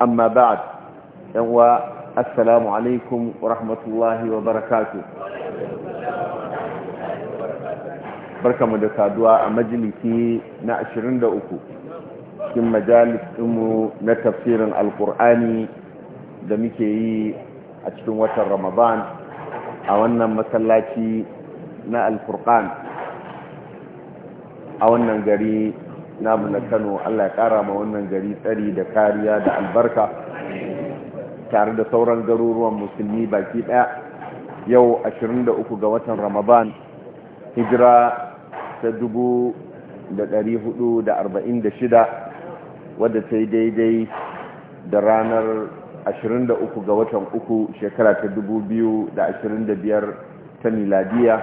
amma ba'ad yan wa assalamu alaikum wa rahmatullahi wa barakatuh barkamu da saduwa a majalisi na 23 cikin majalisinmu na tafsirin alkur'ani da muke yi a cikin watan ramadan a wannan masallaci na alkur'an a wannan gari namu na kano allah ya kara ma wannan gari tsari da kariya da albarka tare da sauran garuruwan musulmi baki daya yau 23 ga watan ramadan hijira ta 1446 wadda ta yi daidai da ranar 23 ga watan uku shekara ta 2025 ta miladiya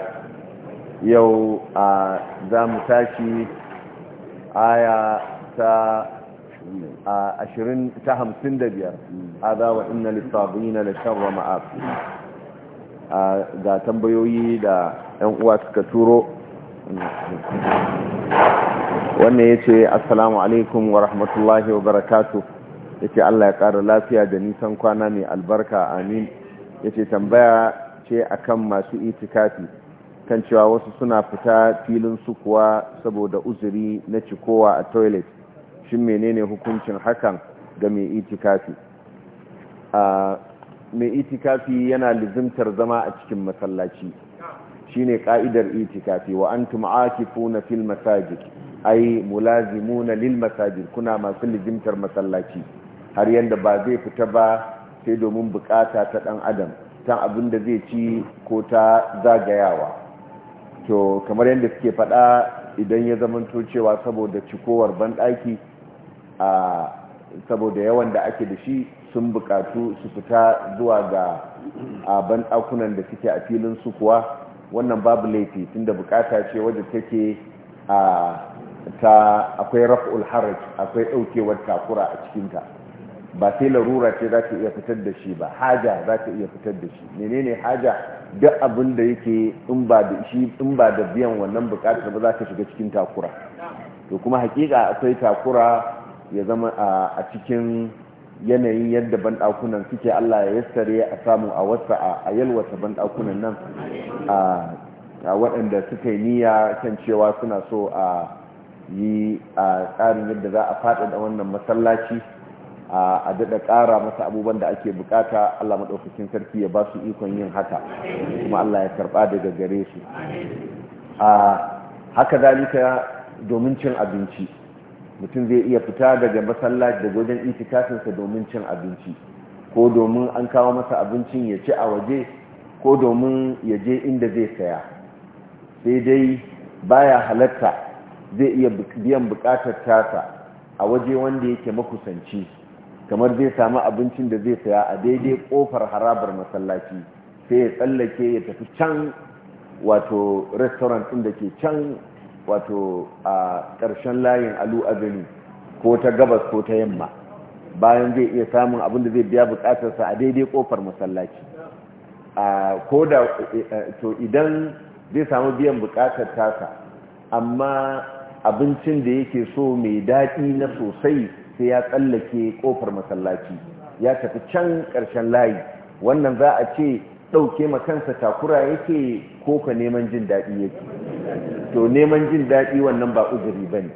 yau a za mu tashi aya ta ashirin ta hamsin da biyar a za wa lissabi na wa ma'afi ga tambayoyi da 'yan uwa suka turo wannan ya ce assalamu alaikum wa rahmatullahi wa barakatu ya ce allah ya ƙara lafiya da nisan kwana mai albarka amin ya ce tambaya ce a kan masu itikafi kan cewa wasu suna fita filin su kuwa saboda uzuri na cikowa a toilet shin menene hukuncin hakan ga mai itikafi mai itikafi yana lizimtar zama a cikin masallaci shine ka'idar itikafi wa antum akifuna fil masajid ai mulazimuna lil masajid kuna masu lizimtar masallaci har yadda ba zai fita ba sai domin bukata ta dan adam ta abin da zai ci ko ta zagayawa to kamar yadda suke faɗa idan ya zamanto cewa saboda cikowar banɗaki a saboda yawan da ake da shi sun buƙatu su fita zuwa ga banɗakunan da suke a filin su kuwa wannan babu laifi tunda bukata ce wadda take a ta akwai raf'ul haraj akwai ɗaukewar takura a cikinta ba sai larura ce za ta iya fitar da shi ba haja za ta iya fitar da shi menene haja duk abin da yake in ba da shi in ba da biyan wannan bukatar ba za ka shiga cikin takura to kuma hakika akwai takura ya zama a cikin yanayin yadda banɗakunan suke Allah ya yassare a samu a wasa a yalwata banɗakunan nan a waɗanda suka yi niyya kan cewa suna so a yi a tsarin yadda za a faɗaɗa wannan masallaci a daɗa ƙara masa abubuwan da ake bukata Allah maɗaukacin sarki ya ba su ikon yin haka kuma Allah ya karɓa daga gare su a haka zalika domin cin abinci mutum zai iya fita daga masallaci daga wajen itikafinsa domin cin abinci ko domin an kawo masa abincin ya ci a waje ko domin ya je inda zai saya sai dai baya halatta zai iya biyan bukatar tasa a waje wanda yake makusanci kamar zai samu abincin da zai saya a daidai kofar harabar masallaci sai ya tsallake ya tafi can wato restaurant ɗin da ke can wato a ƙarshen layin alu azumi ko ta gabas ko ta yamma bayan zai iya samun abin da zai biya bukatarsa a daidai kofar masallaci a ko da eh, eh, to idan zai samu biyan bukatar tasa amma abincin da yake so mai daɗi na sosai sai ya tsallake kofar masallaci ya tafi can ƙarshen layi wannan za a ce ɗauke ma kansa takura yake ko ka neman jin daɗi yake to neman jin daɗi wannan ba uzuri ba ne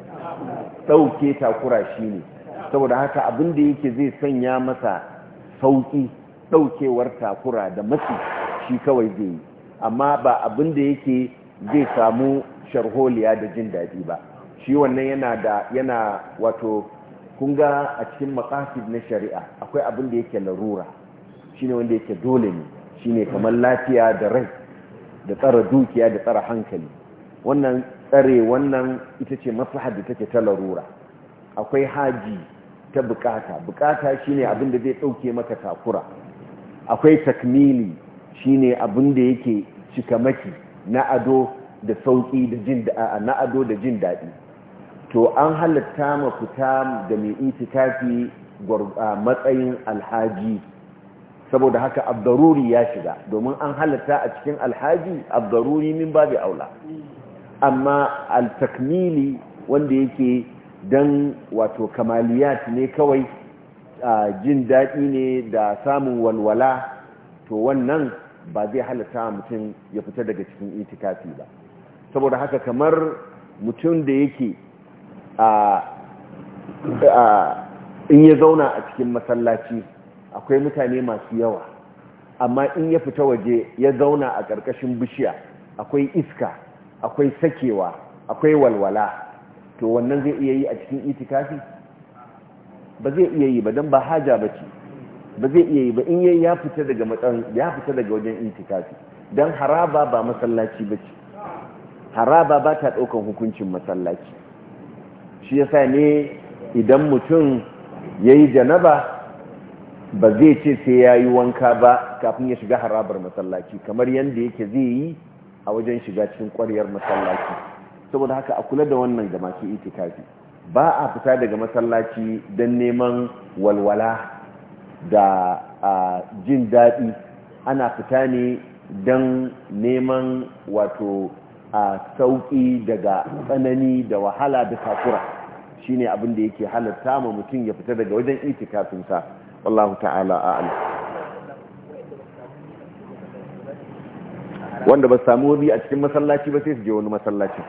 ɗauke takura shi ne saboda haka abin da yake zai sanya masa sauƙi ɗaukewar takura da matsi shi kawai zai yi amma ba abin da yake zai samu sharholiya da jin daɗi ba shi wannan yana da yana wato kun ga a cikin makasid na shari'a akwai abin da yake larura shi ne wanda yake dole ne shi ne kamar lafiya da rai da tsara dukiya da tsara hankali wannan tsare wannan ita ce maslahar da take ta larura akwai haji ta bukata bukata ne abin da zai ɗauke maka takura akwai takmili ne abin da yake maki na ado da sauki da na ado da jin daɗi to an halatta ma fita da mai itikafi matsayin alhaji saboda haka abdaruri ya shiga domin an halatta a cikin alhaji abdaruri min babu aula amma altakmili wanda yake dan wato kamaliyat ne kawai jin daɗi ne da samun walwala to wannan ba zai halatta mutum ya fita daga cikin itikafi ba saboda haka kamar mutum da yake in ya zauna a cikin masallaci akwai mutane masu yawa amma in ya fita waje ya zauna a ƙarƙashin bishiya akwai iska akwai sakewa akwai walwala to wannan zai iya yi a cikin itikafi ba zai iya yi ba don ba haja ba ce ba zai iya yi ba in yi ya fita daga ya fita daga wajen itikafi don haraba ba masallaci ba ce haraba ba ta ɗaukan hukuncin masallaci shi yasa ne idan mutum ya yi janaba ba zai ce sai ya yi wanka ba kafin ya shiga harabar masallaci kamar yadda yake zai yi a wajen shiga cikin ƙwariyar masallaci saboda haka a kula da wannan ga masu itikafi ba a fita daga masallaci don neman walwala da jin daɗi ana fita ne don neman wato a sauƙi daga tsanani da wahala da takura shine abin da yake halatta ma mutum ya fita daga wajen iti kafinsa wallahu ta'ala ala wanda ba samu wani a cikin masallaci ba sai su je wani masallaci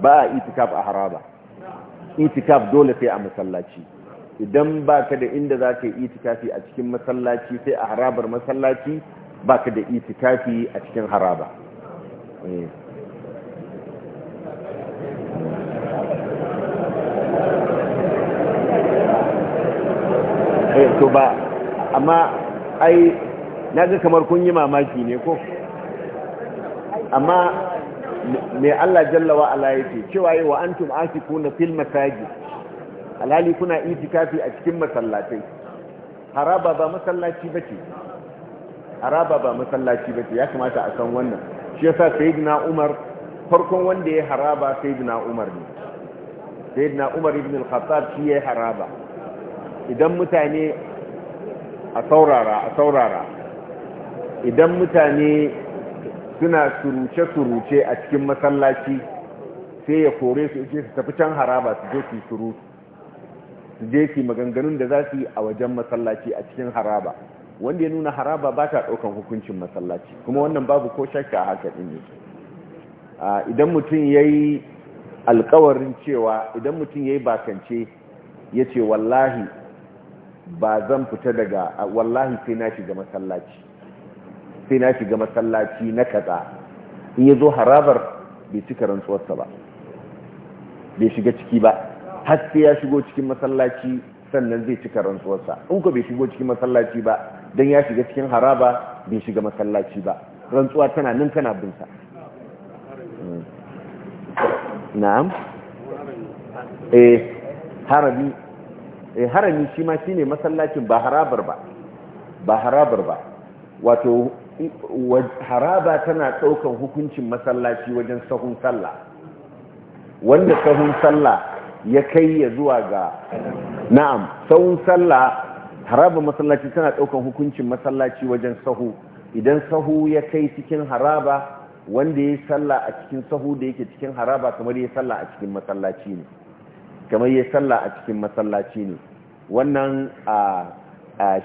ba a itikaf a haraba itikaf dole sai a masallaci idan ba ka da inda za ka yi itikafi a cikin masallaci sai a harabar masallaci ba ka da itikafi a cikin haraba eh. to ba amma ai na ga kamar kun yi mamaki ne ko amma mai Allah jallawa ala yake cewa yi wa an tum'afi kuna fil masaji alhali kuna kafi a cikin masallatai haraba ba masallaci ba ce haraba ba masallaci ba ce ya kamata a san wannan shi ya yasa sayyidina umar farkon wanda ya haraba sayyidina umar ne sayyidina umar ibn al-khattab shi ya haraba idan mutane a saurara a saurara idan mutane suna suruce-suruce a cikin masallaci sai ya kore su ce su tafi can haraba su je su suru su je su maganganun da za su yi a wajen masallaci a cikin haraba wanda ya nuna haraba ba ta ɗaukan hukuncin masallaci kuma wannan babu ko shakka a haka ɗin ne idan mutum ya yi alkawarin cewa idan mutum ya yi bakance ya ce wallahi ba zan fita daga wallahi sai na shiga masallaci sai na shiga masallaci na kaza in ya zo harabar bai cika rantsuwarsa ba bai shiga ciki ba har sai ya shigo cikin masallaci sannan zai cika rantsuwarsa in ko bai shigo cikin masallaci ba don ya shiga cikin haraba bai shiga masallaci ba rantsuwa tana nan tana binsa hmm. na'am eh harabi Eh, harami shi ma shine masallacin ba harabar ba ba harabar ba wato haraba tana daukan hukuncin masallaci wajen sahun sallah wanda sahun sallah ya kai ya zuwa ga na'am sahun sallah haraba masallaci tana daukan hukuncin masallaci wajen sahu idan sahu ya kai cikin haraba wanda ya sallah a cikin sahu da yake cikin haraba kamar ya sallah a cikin masallaci ne kamar yi sallah a cikin masallaci ne wannan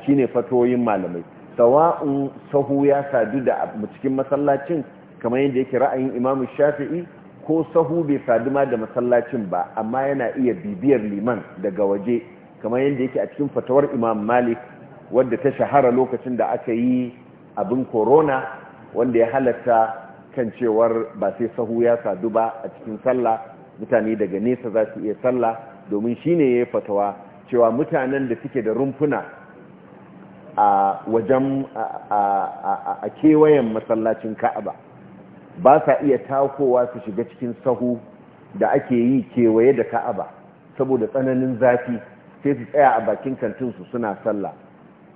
shi ne fatoyin malamai sawa'un sahu ya sadu da cikin masallacin kamar yadda yake ra'ayin imamu shafi'i ko sahu bai sadu ma da masallacin ba amma yana iya bibiyar liman daga waje kamar yadda yake a cikin fatawar imam malik wadda ta shahara lokacin da aka yi abin korona wanda ya halatta kan cewar ba sai sahu ya sadu ba a cikin sallah mutane daga nesa za su iya sallah domin shi ne ya yi fatawa cewa mutanen da suke da rumfuna a wajen a kewayen masallacin Ka'aba ba sa iya takowa su shiga cikin sahu da ake yi kewaye da Ka'aba saboda tsananin zafi sai su tsaya a bakin kantinsu suna sallah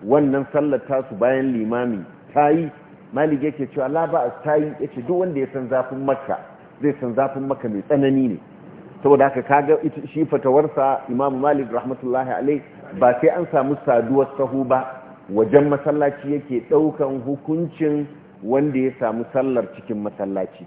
wannan sallar tasu bayan limami ta yi malik yake cewa laba a ta yi yace duk wanda ya san zafin makka zai san zafin makka mai tsanani ne saboda haka kaga shi fatawarsa imam malik rahmatullahi alai ba sai an samu saduwar sahu ba wajen masallaci yake daukan hukuncin wanda ya samu sallar cikin masallaci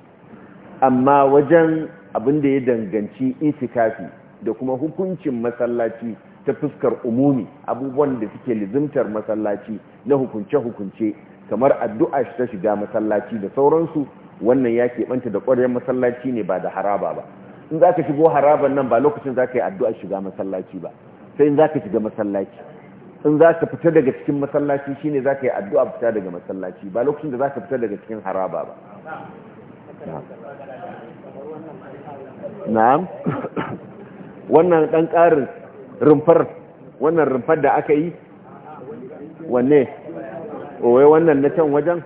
amma wajen abin da ya danganci itikafi da kuma hukuncin masallaci ta fuskar umumi abubuwan da suke lizimtar masallaci na hukunce-hukunce kamar addu'a ta shiga masallaci da sauransu wannan ya keɓanta da ƙwaryen masallaci ne ba da haraba ba in za ka shigo haraban nan ba lokacin za ka yi addu'a shiga masallaci ba sai in za ka shiga masallaci in za ka fita daga cikin masallaci shi ne za ka yi addu'a fita daga masallaci ba lokacin da za ka fita daga cikin haraba ba na'am wannan ɗan ƙarin rumfar wannan rumfar da aka yi wanne oh, wannan na can wajen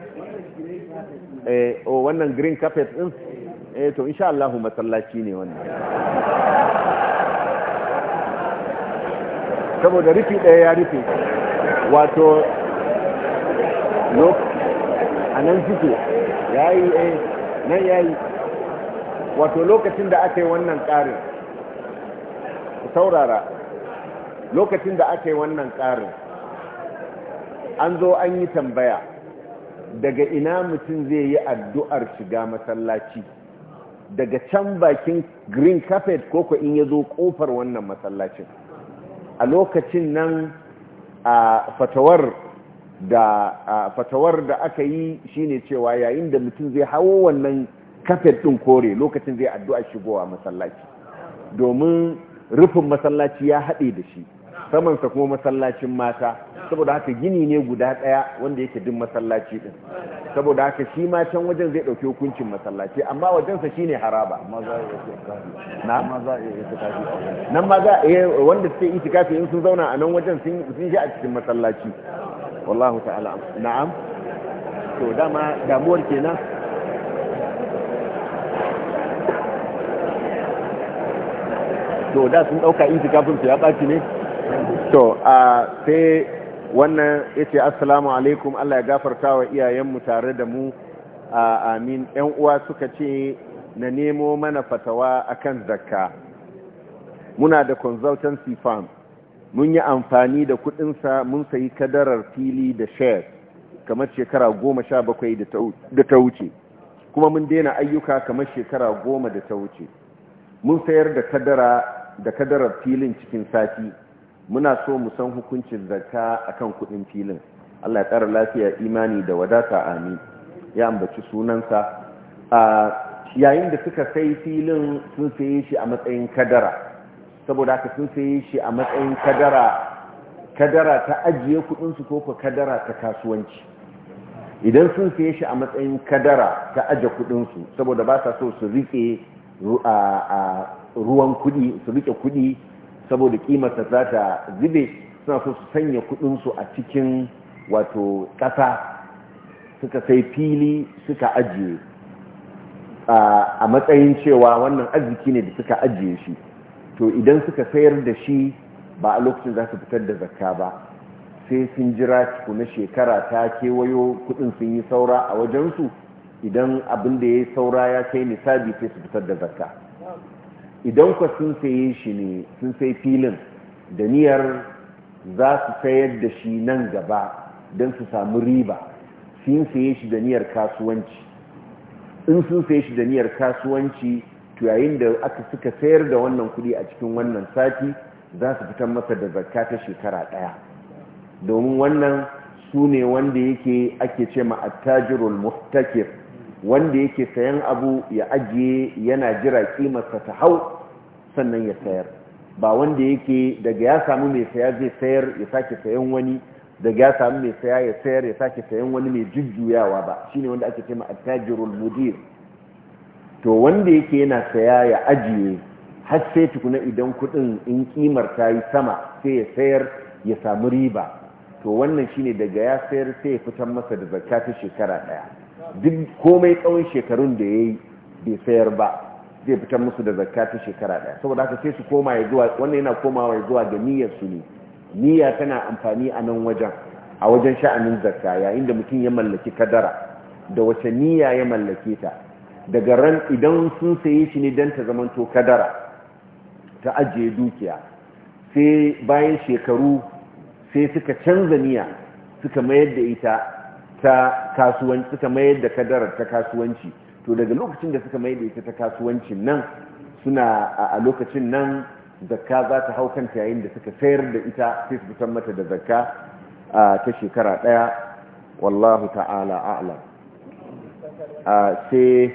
eh, o oh, wannan green carpet ɗin eh to insha Allah masallaci ne wannan saboda rufi ɗaya ya rufe wato a nan suke ya yi eh nan ya yi wato lokacin da aka yi wannan ƙarin saurara lokacin da aka yi wannan ƙarin an zo an yi tambaya daga ina mutum zai yi addu'ar shiga masallaci daga can bakin green carpet koko in ya zo kofar wannan masallacin a lokacin nan a fatawar da aka yi shine cewa yayin da mutum zai hawo wannan carpet din kore lokacin zai addu'a shigowa masallaci domin rufin masallaci ya haɗe da shi samansa kuma masallacin mata saboda haka gini ne guda daya wanda yake din masallaci din saboda haka shi ma can wajen zai dauki hukuncin masallaci amma wajen sa shine haraba Nan ma za a yi itikafi nan ma za wanda suke itikafi in sun zauna a nan wajen sun sun a cikin masallaci wallahu ta'ala na'am to dama damuwar kenan to da sun dauka itikafin su ya baci ne to a sai wannan ya ce assalamu alaikum Allah ya gafarta wa iyayenmu tare da mu a amin yan uwa suka ce na nemo mana fatawa akan zakka muna da consultancy firm mun yi amfani da kudinsa mun sayi kadarar fili da shares kamar shekara goma sha bakwai da ta wuce kuma mun daina ayyuka kamar shekara goma da ta wuce mun sayar da da kadarar filin cikin sati muna so mu san hukuncin zakka akan kuɗin filin Allah ya tsara lafiya imani da wadata amin ya ambaci sunansa a yayin da suka sai filin sun saye shi a matsayin kadara saboda haka sun saye shi a matsayin kadara kadara ta ajiye kuɗinsu ko ko kadara ta kasuwanci idan sun saye shi a matsayin kadara ta aje kuɗinsu saboda ba sa so su rike ruwan kudi su rike kudi saboda kimarsa za ta zube suna so su sanya kudinsu a cikin wato ƙasa suka sai fili suka ajiye a matsayin cewa wannan arziki ne da suka ajiye shi to idan suka sayar da shi ba a lokacin za su fitar da zakka ba sai sun jira na shekara ta kewayo kudin sun yi saura a wajensu idan abin da ya yi saura ya kai nisabi sai su fitar da zakka idan ku sun saye shi ne sun sai filin da niyar za su sayar da shi nan gaba don su samu riba sun saye shi da niyar kasuwanci in sun saye shi da niyar kasuwanci to yayin da aka suka sayar da wannan kudi a cikin wannan sati za su fitar masa da zakka ta shekara daya domin wannan su ne wanda yake ake ce ma attajirul muhtakir wanda yake sayan abu ya ajiye yana jira kimarsa ta hau sannan ya sayar ba wanda yake daga ya samu mai saya zai sayar ya sake sayan wani daga ya samu mai saya ya sayar ya sake sayan wani mai jujjuyawa ba shine wanda ake cewa attajirul mudir to wanda yake yana saya ya ajiye har sai tukuna idan kudin in kimar ta yi sama sai ya sayar ya samu riba to wannan shine daga ya sayar sai ya fitar masa da zakka shekara ɗaya. duk komai tsawon shekarun da ya yi bai sayar ba zai fitar musu da zakka ta shekara ɗaya saboda haka sai su koma ya zuwa wannan yana komawa ya zuwa ga niyyar su ne niyya tana amfani a nan wajen a wajen sha'anin zakka yayin da mutum ya mallaki kadara da wace niyya ya mallake ta daga ran idan sun sayi shi ne don ta zamanto kadara ta ajiye dukiya sai bayan shekaru sai suka canza niyya suka mayar da ita ta kasuwanci suka mayar da kadarar ta kasuwanci to daga lokacin da suka mayar da ita ta kasuwancin nan suna a lokacin nan zakka za ta hau kanta yayin da suka sayar da ita sai su fitar mata da zakka ta shekara ɗaya wallahu ta'ala a'lam sai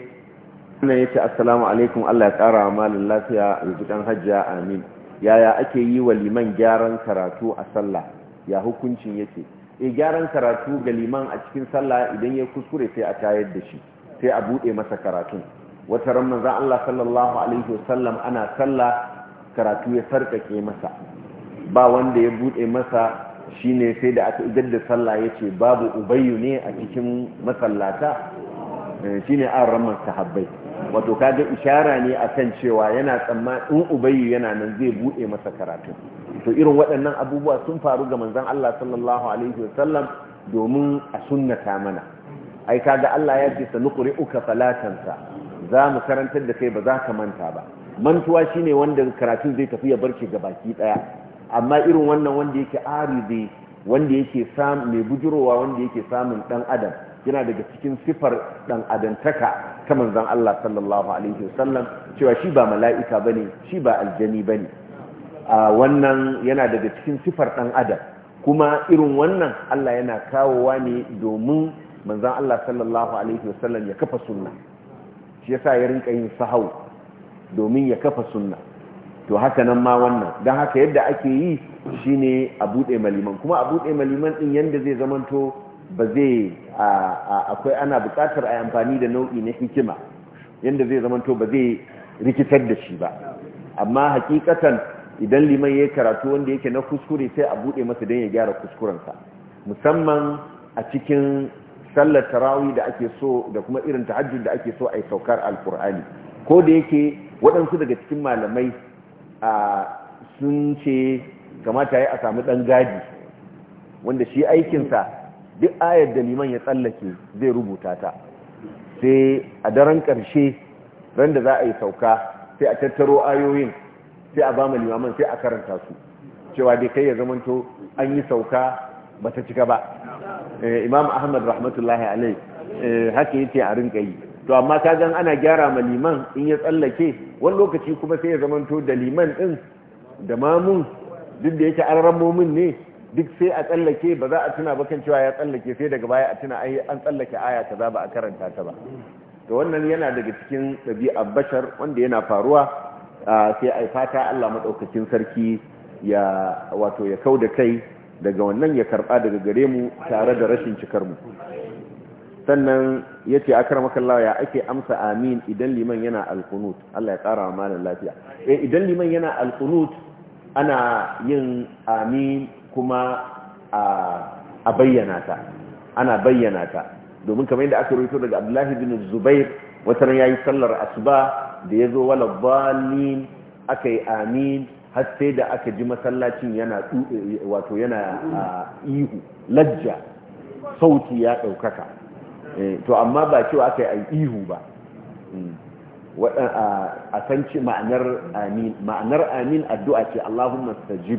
na ya ce assalamu alaikum Allah ya ƙara wa malin lafiya rubutan hajjiya amin yaya ake yi wa liman gyaran karatu a sallah ya hukuncin yake e gyaran karatu ga liman a cikin sallah idan ya kuskure sai a tayar da shi sai a buɗe masa karatun wata ran manzon Allah sallallahu alaihi wasallam ana sallah karatu ya sarkake masa ba wanda ya buɗe masa shine sai da aka idar da sallah yace babu ubayyu ne a cikin masallata eh, shine an ramar sahabbai wato kaga ishara ne akan cewa yana tsamma in ubayyu yana nan zai buɗe masa karatun to irin waɗannan abubuwa sun faru ga manzan Allah sallallahu alaihi wasallam domin a sunnata mana ai kaga Allah ya ce sanuqri'uka fala tansa za mu karantar da kai ba za ka manta ba mantuwa shine wanda karatun zai tafi ya barke ga baki daya amma irin wannan wanda yake aridi wanda yake samun mai bujurowa wanda yake samun dan adam yana daga cikin sifar dan adantaka ta manzan Allah sallallahu alaihi wasallam cewa shi ba mala'ika bane shi ba aljani bane wannan yana daga cikin sifar ɗan adam kuma irin wannan Allah yana kawowa ne domin manzan Allah sallallahu alaihi wasallam ya kafa suna shi ya sa ya rinka yin sahau domin ya kafa sunna to haka nan ma wannan don haka yadda ake yi shi ne a buɗe maliman kuma a buɗe maliman ɗin yadda zai zamanto ba zai akwai ana buƙatar a amfani da nau'i na hikima yadda zai zamanto ba zai rikitar da shi ba amma hakikatan idan liman ya karatu wanda yake na kuskure sai a bude masa don ya gyara kuskurensa musamman a cikin sallar tarawih da ake so da kuma irin tahajjud da ake so a yi saukar alkur'ani ko da yake waɗansu daga cikin malamai sun ce kamata ya a samu ɗan gadi wanda shi aikinsa duk ayar da liman ya tsallake zai rubuta ta sai a daren ƙarshe ran da za a yi sauka sai a tattaro ayoyin sai a ba mu limaman sai a karanta su cewa dai kai ya zamanto an yi sauka ba ta cika ba eh, imam ahmad rahmatullahi alai eh, haka yace a rinka yi to amma ka gan ana gyara ma liman in ya tsallake wani lokaci kuma sai ya zamanto da liman din da mamun duk da yake an min ne duk sai a tsallake ba za a tuna ba kan cewa ya tsallake sai daga baya a tuna ai an tsallake aya kaza ba a karanta ta ba to wannan yana daga cikin dabia bashar wanda yana faruwa sai a fata Allah maɗaukacin sarki ya wato ya kau da kai daga wannan ya karɓa daga gare mu tare da rashin cikar mu sannan ya ce aka makallawa ya ake amsa amin idan liman yana alkunut Allah ya tsara wa malin lafiya eh, idan liman yana alkunut ana yin amin kuma a bayyana ta ana bayyana ta domin kamar yadda aka rubuto daga abdullahi bin zubair wata ran yayi sallar asuba da ya zo wala balin aka yi amin har sai da aka ji masallacin yana wato yana ihu lajja sauti ya ɗaukaka eh, to amma ba cewa aka yi ihu ba hmm. a san ma'anar amin ma'anar amin addu'a ce Allahumma shi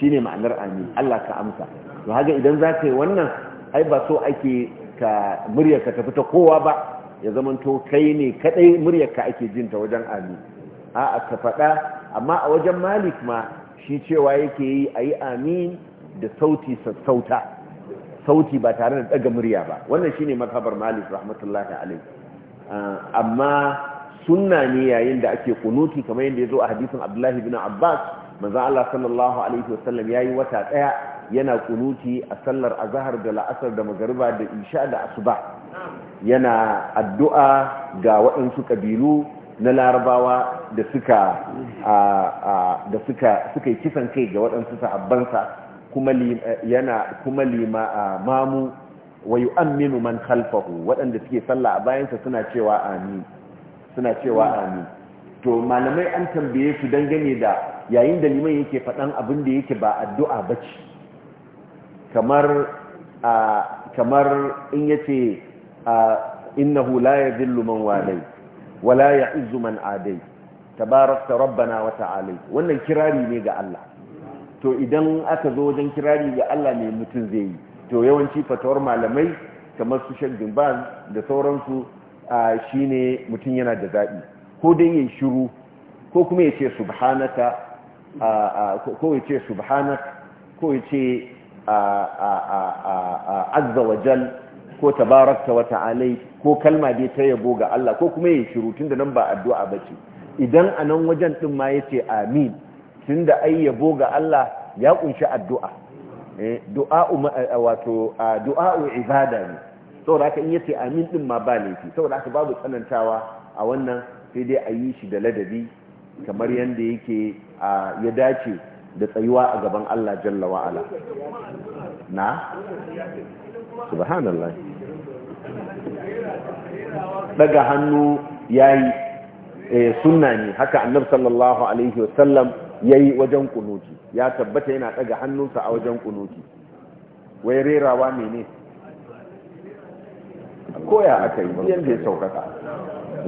shine ma'anar amin Allah ka amsa to haka idan za yi wannan ai ba so ake ka murya ka tafi ta kowa ba ya zamanto kai ne kadai muryarka ake jinta wajen amin a ka faɗa amma a wajen malik ma shi cewa yake yi a yi amin da sauti sassauta sauti ba tare da ɗaga murya ba wannan shi ne makabar malik rahmatullahi alaihi ah, amma sunna ne yayin da ake kunuti kamar yadda ya zo a hadisin abdullahi bin abbas manzo Allah sallallahu alaihi wasallam yi wata ɗaya. yana kunuti a sallar azahar da la'asar da magariba da isha da asuba yana addu'a ga waɗansu ƙabilu na larabawa da suka da yi kisan kai ga waɗansu sahabbansa kuma yana kuma lima mamu wa yu'minu man khalfahu waɗanda suke sallah a bayansa suna cewa amin suna cewa amin to malamai an tambaye su dangane da yayin da liman yake faɗan abin da yake ba addu'a bace kamar kamar in yace innahu la yadhillu man walai wala ya'izzu man adai tabaraka rabbana wa ta'ala wannan kirari ne ga Allah to idan aka zo wajen kirari ga Allah ne mutum zai yi to yawanci fatawar malamai kamar su Sheikh Bin da sauransu shine mutum yana da zabi ko dai yayi shiru ko kuma yace subhanaka ko yace subhanak ko yace azza wa jal ko tabarakta wa ta'ala ko kalma dai ta yabo ga Allah ko kuma yin shiru tunda nan ba addu'a bace idan anan wajen din ma yace amin tunda ai yabo ga Allah ya kunshi addu'a eh, du'a wato du'a ibada ne saboda haka in yace amin din ma ba laifi saboda haka babu tsanantawa a wannan sai dai a yi shi da ladabi kamar yanda yake ya dace da tsayuwa a gaban Allah jalla wa'ala na subhanallah daga hannu ya yi eh, suna ne haka annab sallallahu alaihi wasallam yi wajen kunuki ya tabbata yana daga hannunsa a wajen kunuki wai rerawa ne koya akai yanda ya saukaka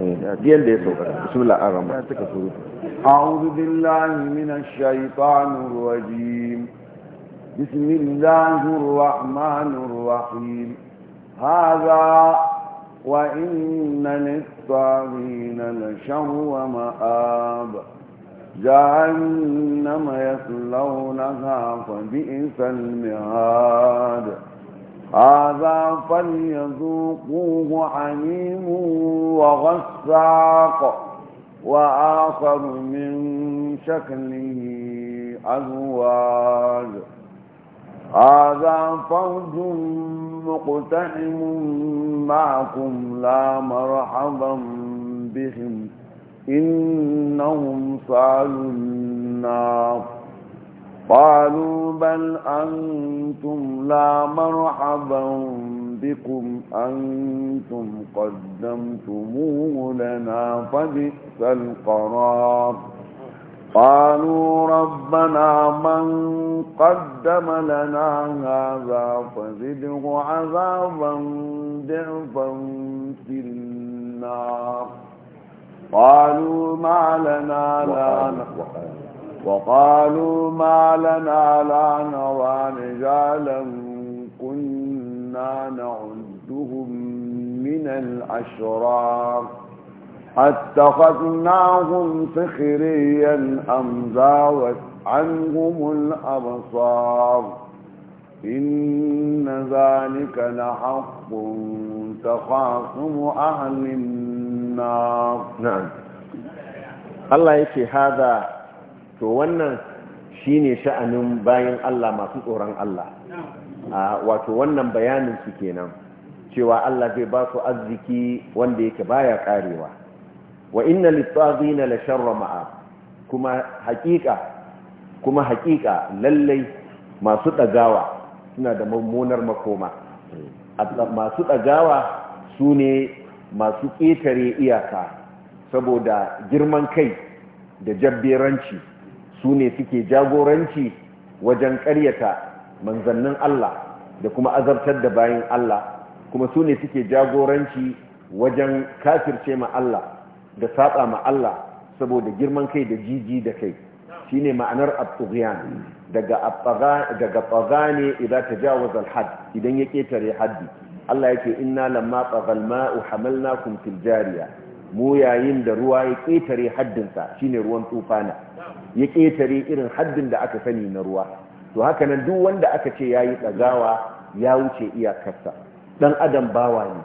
eh, yanda ya saukaka bismillah ya suka suru أعوذ بالله من الشيطان الرجيم بسم الله الرحمن الرحيم هذا وإن للطاغين لشر ومآب جهنم يصلونها فبئس المهاد هذا فليذوقوه حميم وغساق وآخر من شكله أزواج هذا فرد مقتحم معكم لا مرحبا بهم إنهم صالوا النار قالوا بل أنتم لا مرحبا بكم أنتم قدمتموه لنا فبئس القرار قالوا ربنا من قدم لنا هذا فزده عذابا ضعفا في النار قالوا ما لنا لا وقالوا ما لنا لا نرى رجالا كنا كنا نعدهم من الأشرار أتخذناهم سخريا أم زاوت عنهم الأبصار إن ذلك لحق تخاصم أهل النار نعم الله يكي هذا تو wannan shine sha'anin bayan Allah masu tsoron Allah wato wannan bayanin su kenan cewa Allah zai ba su arziki wanda yake baya karewa wa inna litaghina la sharra ma'a kuma hakika kuma hakika lallai masu dagawa suna da mummunar makoma masu dagawa sune masu ketare iyaka saboda girman kai da jabberanci sune suke jagoranci wajen ƙaryata manzannin Allah da kuma azabtar da bayan Allah kuma su ne suke jagoranci wajen kafirce ma Allah da saba ma Allah saboda girman kai da jiji da kai shine ma'anar abtughiyan daga abtaga ne tagane idan tajawaza had idan ya ketare haddi Allah yake inna lamma tagal ma'u hamalnakum fil jariya mu yayin da ruwa ya ketare haddinsa shine ruwan tufana ya ketare irin haddin da aka sani na ruwa to haka nan duk wanda aka ce ya yi ɗagawa ya wuce iyakarsa ɗan adam bawa ne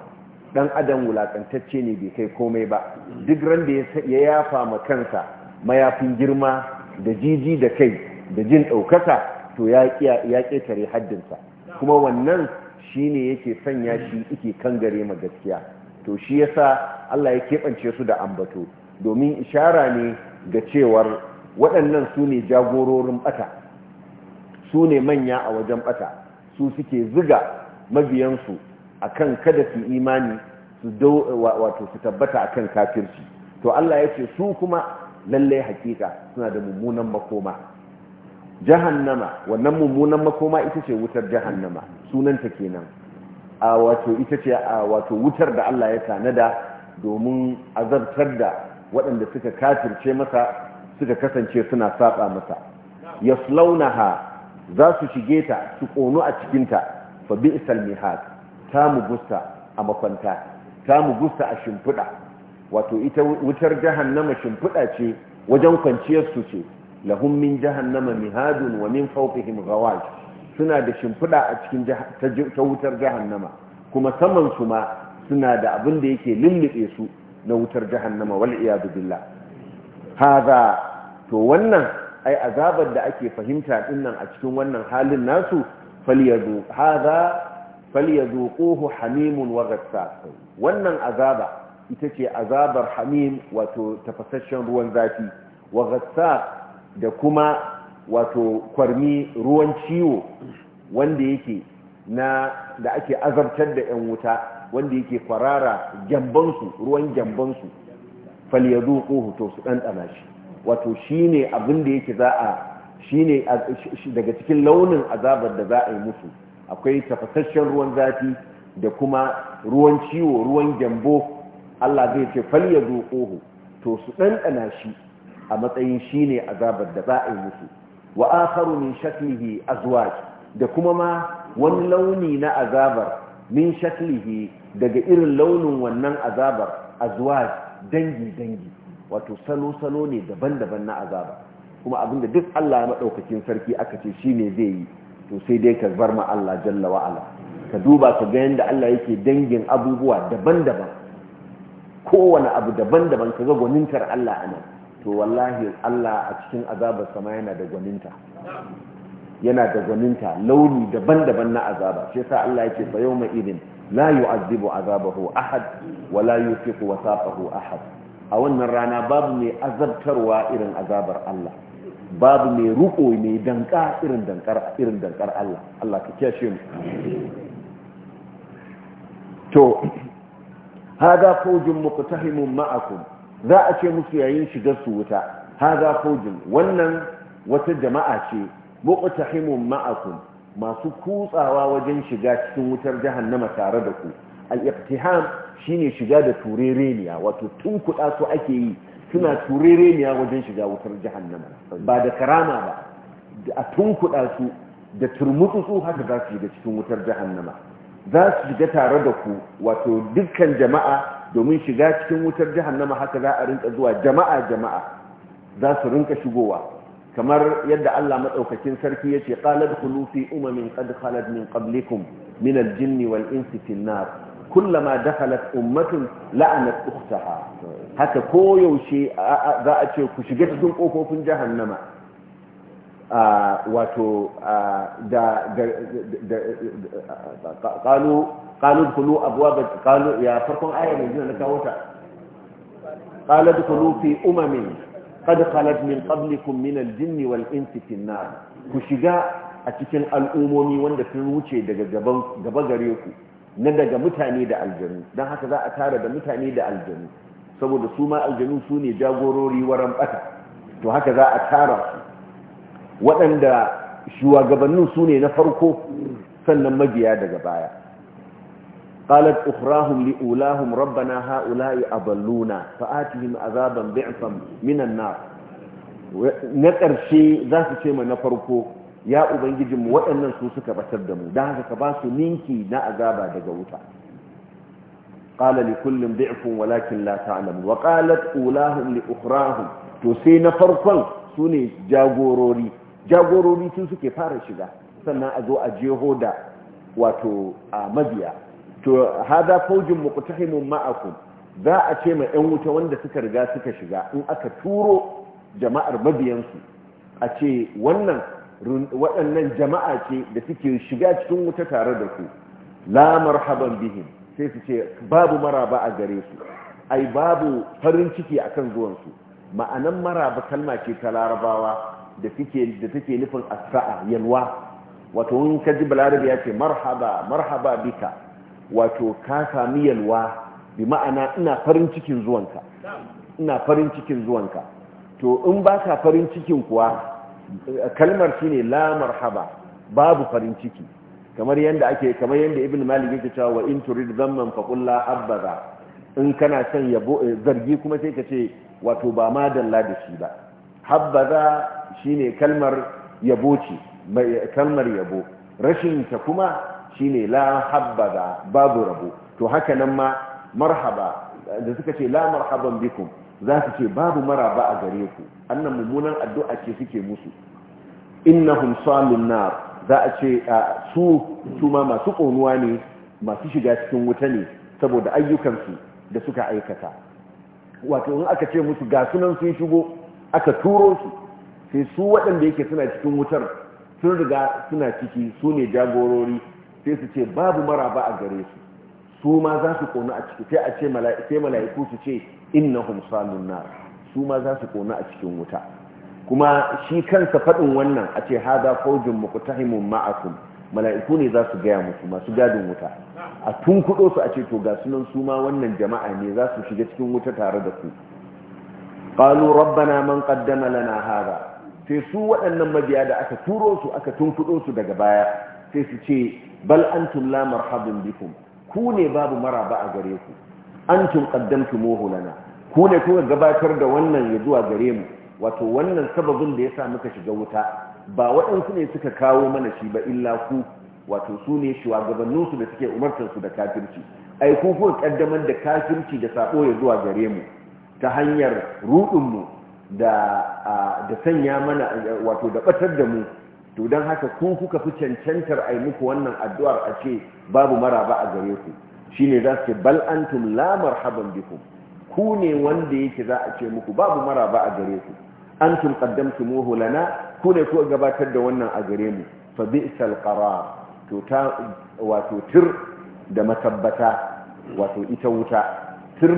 ɗan adam wulaƙantacce ne bai kai komai ba duk ran da ya yafa ma kansa mayafin girma da jiji da kai da jin ɗaukaka to ya ƙetare haddinsa kuma wannan shi ne yake sanya shi ike kan gare ma gaskiya to shi yasa Allah ya keɓance su da ambato domin ishara ne ga cewar waɗannan su ne jagororin ɓata su ne manya a wajen bata su suke ziga mabiyansu a kan kada su imani su wato su tabbata a akan kafirci to Allah ya ce su kuma lallai hakika suna da mummunan makoma jahannama wannan mummunan makoma ita ce wutar jahannama sunanta kenan a wato ita ce a wato wutar da Allah ya tanada domin azabtar da waɗanda suka kafirce masa suka kasance suna saba masa yaslaunaha za su shige ta su ƙonu a cikinta fa bi isal mihad ta mugusta a makwanta ta mugusta a shimfiɗa wato ita wutar jahannama shimfiɗa ce wajen kwanciyar su ce lahum min jahannama mihadun wa min fawqihim ghawaj suna da shimfiɗa a cikin ta wutar jahannama kuma saman su ma suna da abin da yake lullube su na wutar jahannama wal iyadu billah hadha to wannan ai azabar da ake fahimta dinnan a cikin wannan halin nasu falyadu hadha falyadhuquhu hamimun wa ghassaq wannan azaba ita ce azabar hamim wato tafasasshen ruwan zafi wa ghassaq da kuma wato kwarmi ruwan ciwo wanda yake na da ake azabtar da yan wuta wanda yake kwarara gyambansu ruwan gyambansu falyadhuquhu to su ɗanɗana shi wato shine abin da yake za a shine daga cikin launin azabar da za a yi musu akwai tafasasshen ruwan zafi da kuma ruwan ciwo ruwan gyambo Allah zai ce falya zuƙohu to su ɗanɗana shi a matsayin shi ne azabar da za a yi musu wa akharu min shaklihi azwaj da kuma ma wani launi na azabar min shaklihi daga irin launin wannan azabar azwaj dangi dangi wato salo-salo ne daban-daban na azaba kuma abinda duk Allah ya maɗaukacin sarki aka ce shi ne zai yi to sai dai ka bar ma Allah jalla wa'ala ka duba ka ga yadda Allah yake dangin abubuwa daban-daban kowane abu daban-daban ka ga gwanintar Allah a nan to wallahi Allah a cikin azabar sama yana da gwaninta yana da gwaninta launi daban-daban na azaba shi yasa Allah yake fa yawma idin la azaba azabahu ahad wa la yusiqu wasaqahu ahad a wannan rana babu mai azabtarwa irin azabar Allah babu mai ruko mai danka irin dankar irin dankar Allah Allah ka kiyashe mu to hada faujin muqtahimun ma'akum za a ce musu yayin shigar su wuta hada faujin wannan wata jama'a ce muqtahimun ma'akum masu kutsawa wajen shiga cikin wutar jahannama tare da ku al shi shine shiga da turereniya wato tun kuɗa su ake yi suna turereniya wajen shiga wutar jahannama ba da karama ba a tun kuɗa su da turmutsutsu haka za su shiga cikin wutar jahannama za su shiga tare da ku wato dukkan jama'a domin shiga cikin wutar jahannama haka za a rinka zuwa jama'a jama'a za su rinka shigowa kamar yadda Allah madaukakin sarki ya ce dkhulu fi umamin qad khalat min qablikum min al-jinni wal insi fi nar kullama dakhalat ummatun la'anat ha, haka koyaushe za a ce ku shiga cikin kofofin jahannama wato da qalu qalu ya farkon ayar yanzu na kawo ta da dkhulu fi umamin kada khalat min qablikum min al wal insi ku shiga a cikin al'umomi wanda sun wuce daga gaba gare ku na daga mutane da aljanu don haka za a tara da mutane da aljanu saboda su ma aljanu su ne jagorori waran bata to haka za a tara su waɗanda shugabannin su ne na farko sannan mabiya daga baya qalat ukhrahum li ulahum rabbana haula'i adalluna fa'atihim azaban bi'san minan nar na ƙarshe za su ce ma na farko ya ubangijinmu waɗannan su suka batar da mu don haka ka ba su ninki na azaba daga wuta qala li kullum bi'fun walakin la ta'lamun wa qalat ulahum li ukhrahum to sai na farkon su ne jagorori jagorori tun suke fara shiga sannan a zo a jeho da wato a mabiya to hada faujin muqtahimun ma'akum za a ce ma yan wuta wanda suka riga suka shiga in aka turo jama'ar mabiyansu a ce wannan waɗannan jama'a ce da suke shiga cikin wuta tare da ku la marhaban bihim sai su ce babu maraba a gare su ai babu farin ciki a kan zuwansu ma'anan maraba kalma ce ta larabawa da take da take nufin asa'a yalwa wato in ka ji balarabi ya ce marhaba marhaba bika wato ka sami yalwa bi ma'ana ina farin cikin zuwanka ina farin cikin zuwanka to in ba ka farin cikin kuwa kalmar shine lamar haba, babu farin ciki kamar yadda ake kamar ibn malik yake cewa wa in turid dhamman fa qul la in kana son yabo eh, zargi kuma sai ka ce wato ba ma dalla da shi ba habba shine kalmar yabo ce kalmar yabo rashin ta kuma shine la habba babu rabo to haka nan ma marhaba da suka ce la marhaban bikum za su ce babu mara ba a gare ku annan mummunan addu'a ce suke musu innahum salun nar za a ce su su ma masu ƙonuwa ne masu shiga cikin wuta ne saboda ayyukansu da suka aikata wato in aka ce musu ga sunan sun shigo aka turo su sai su waɗanda yake suna cikin wutar sun riga suna ciki su ne jagorori sai su ce babu mara ba a gare su su ma za su kona a ciki sai a ce mala'iku su ce innahum salun nar su ma za su kona a cikin wuta kuma shi kansa faɗin wannan a ce hada faujin muqtahimun ma'akum mala'iku ne za su gaya musu masu gadin wuta a tun kudo su a ce to ga sunan su ma wannan jama'a ne za su shiga cikin wuta tare da ku qalu rabbana man qaddama lana hada sai su waɗannan mabiya da aka turo su aka tun kudo su daga baya sai su ce bal antum la marhabun bikum ku ne babu maraba a gare ku An tun ƙaddamtu mu hulana ku ne kuka gabatar da wannan ya zuwa gare mu wato wannan sababin da ya sa muka shiga wuta ba waɗansu ne suka kawo mana shi ba illa ku wato su ne shugabannin su da suke umartar su da kafirci ai ku kuka kaddamar da kafirci da sabo ya zuwa gare mu ta hanyar rudin mu da sanya mana wato da batar da mu to don haka ku kuka fi cancantar a yi muku wannan addu'ar a ce babu maraba a gare ku shi ne za su ce bal antum la marhaban ku ne wanda yake za a ce muku babu maraba a gare ku antum qaddamtumuhu lana ku ne kuka gabatar da wannan a gare mu fa bi'sal to ta wato tir da matabbata wato ita wuta tir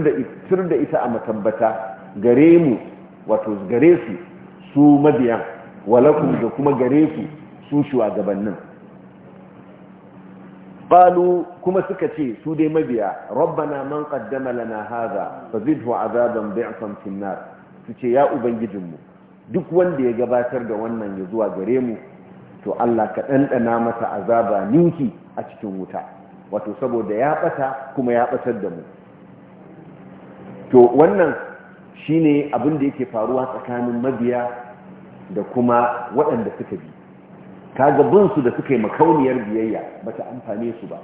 da ita a matabbata gare mu wato gare su su mabiyan walakum da kuma gare ku su shugabannin qalu kuma suka ce su dai mabiya rabbana man qaddama lana hadha fazidhu azaban bi'tan fi nar ce ya ubangijin mu. duk wanda ya gabatar da wannan ya zuwa gare mu to Allah ka dandana masa azaba ninki a cikin wuta wato saboda ya bata kuma ya batar da mu to wannan shine abin da yake faruwa tsakanin mabiya da kuma waɗanda suka bi kaga bin su da suka yi makauniyar biyayya bata amfane su ba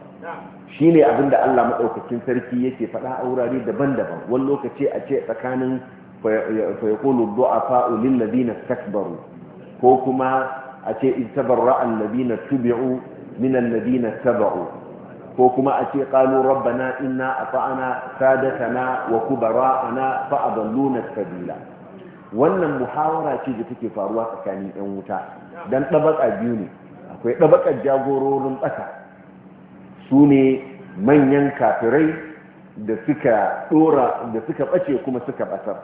Shi abin da Allah maɗaukacin sarki yake faɗa a wurare daban-daban wani lokaci a ce tsakanin fa yaqulu du'afa lil ladina ko kuma a ce istabarra alladina tubi'u min alladina tabu ko kuma a ce qalu rabbana inna ata'na sadatana wa kubara'ana fa sabila wannan muhawara ce da take faruwa tsakanin yan wuta don ɗabaka biyu ne akwai ɗabaka jagororin ɓata su ne manyan kafirai da suka ɗora da suka ɓace kuma suka ɓatar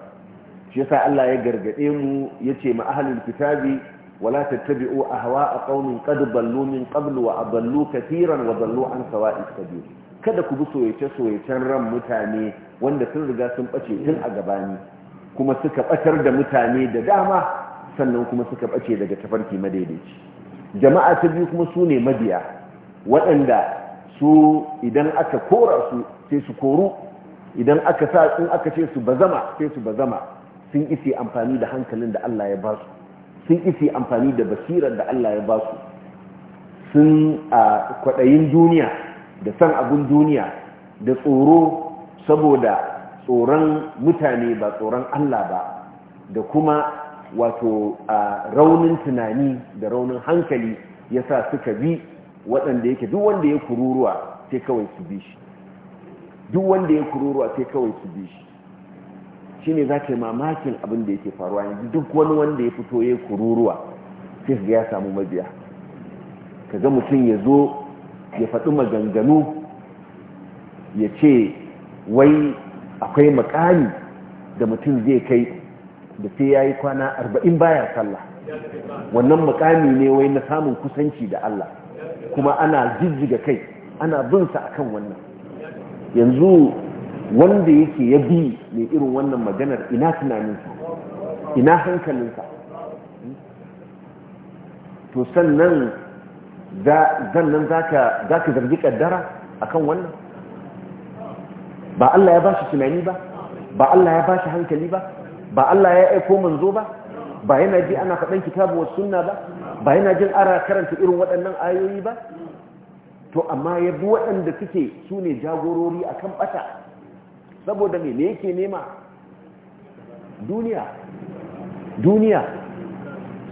shi yasa Allah ya gargaɗe mu ya ce ma ahalin kitabi wala tattabi'u a qaumin qad ballu min qablu wa adallu katiran wa dallu an sawa'is sabil kada ku bi soyace soyacen ran mutane wanda sun riga sun ɓace tun a gabani kuma suka batar da mutane da dama sannan kuma suka bace daga tafarki madaidaici jama'a ta biyu kuma su ne mabiya waɗanda su idan aka kora su sai su koru idan aka sa in aka ce su bazama sai su bazama sun isi amfani da hankalin da Allah ya ba su sun isi amfani da basirar da Allah ya ba su sun a kwaɗayin duniya da san abun duniya da tsoro saboda tsoron mutane ba tsoron Allah ba da kuma wato a raunin tunani da raunin hankali ya sa suka bi waɗanda yake duk wanda ya kururuwa sai kawai su bi shi duk wanda ya kururuwa sai kawai su bi shi shine za ka yi mamakin abin da yake faruwa yanzu duk wani wanda ya fito ya kururuwa sai ga ya samu mabiya ka ga mutum ya zo ya faɗi maganganu ya ce wai akwai makami da mutum zai kai da sai ya yi kwana arba'in baya sallah wannan makami ne wai na samun kusanci da Allah kuma ana jijjiga kai ana bin sa akan wannan yanzu wanda yake ya bi mai irin wannan maganar ina tunaninsa ina hankalinsa to sannan za zaka zargi kaddara akan wannan ba Allah ya ba shi tunani ba ba Allah ya ba shi hankali ba ba Allah ya aiko manzo ba ba yana ji ana faɗan kitabu wa sunna ba ba yana jin ara karanta irin waɗannan ayoyi ba to amma ya bi waɗanda suke su ne jagorori a kan ɓata saboda me ne yake nema duniya duniya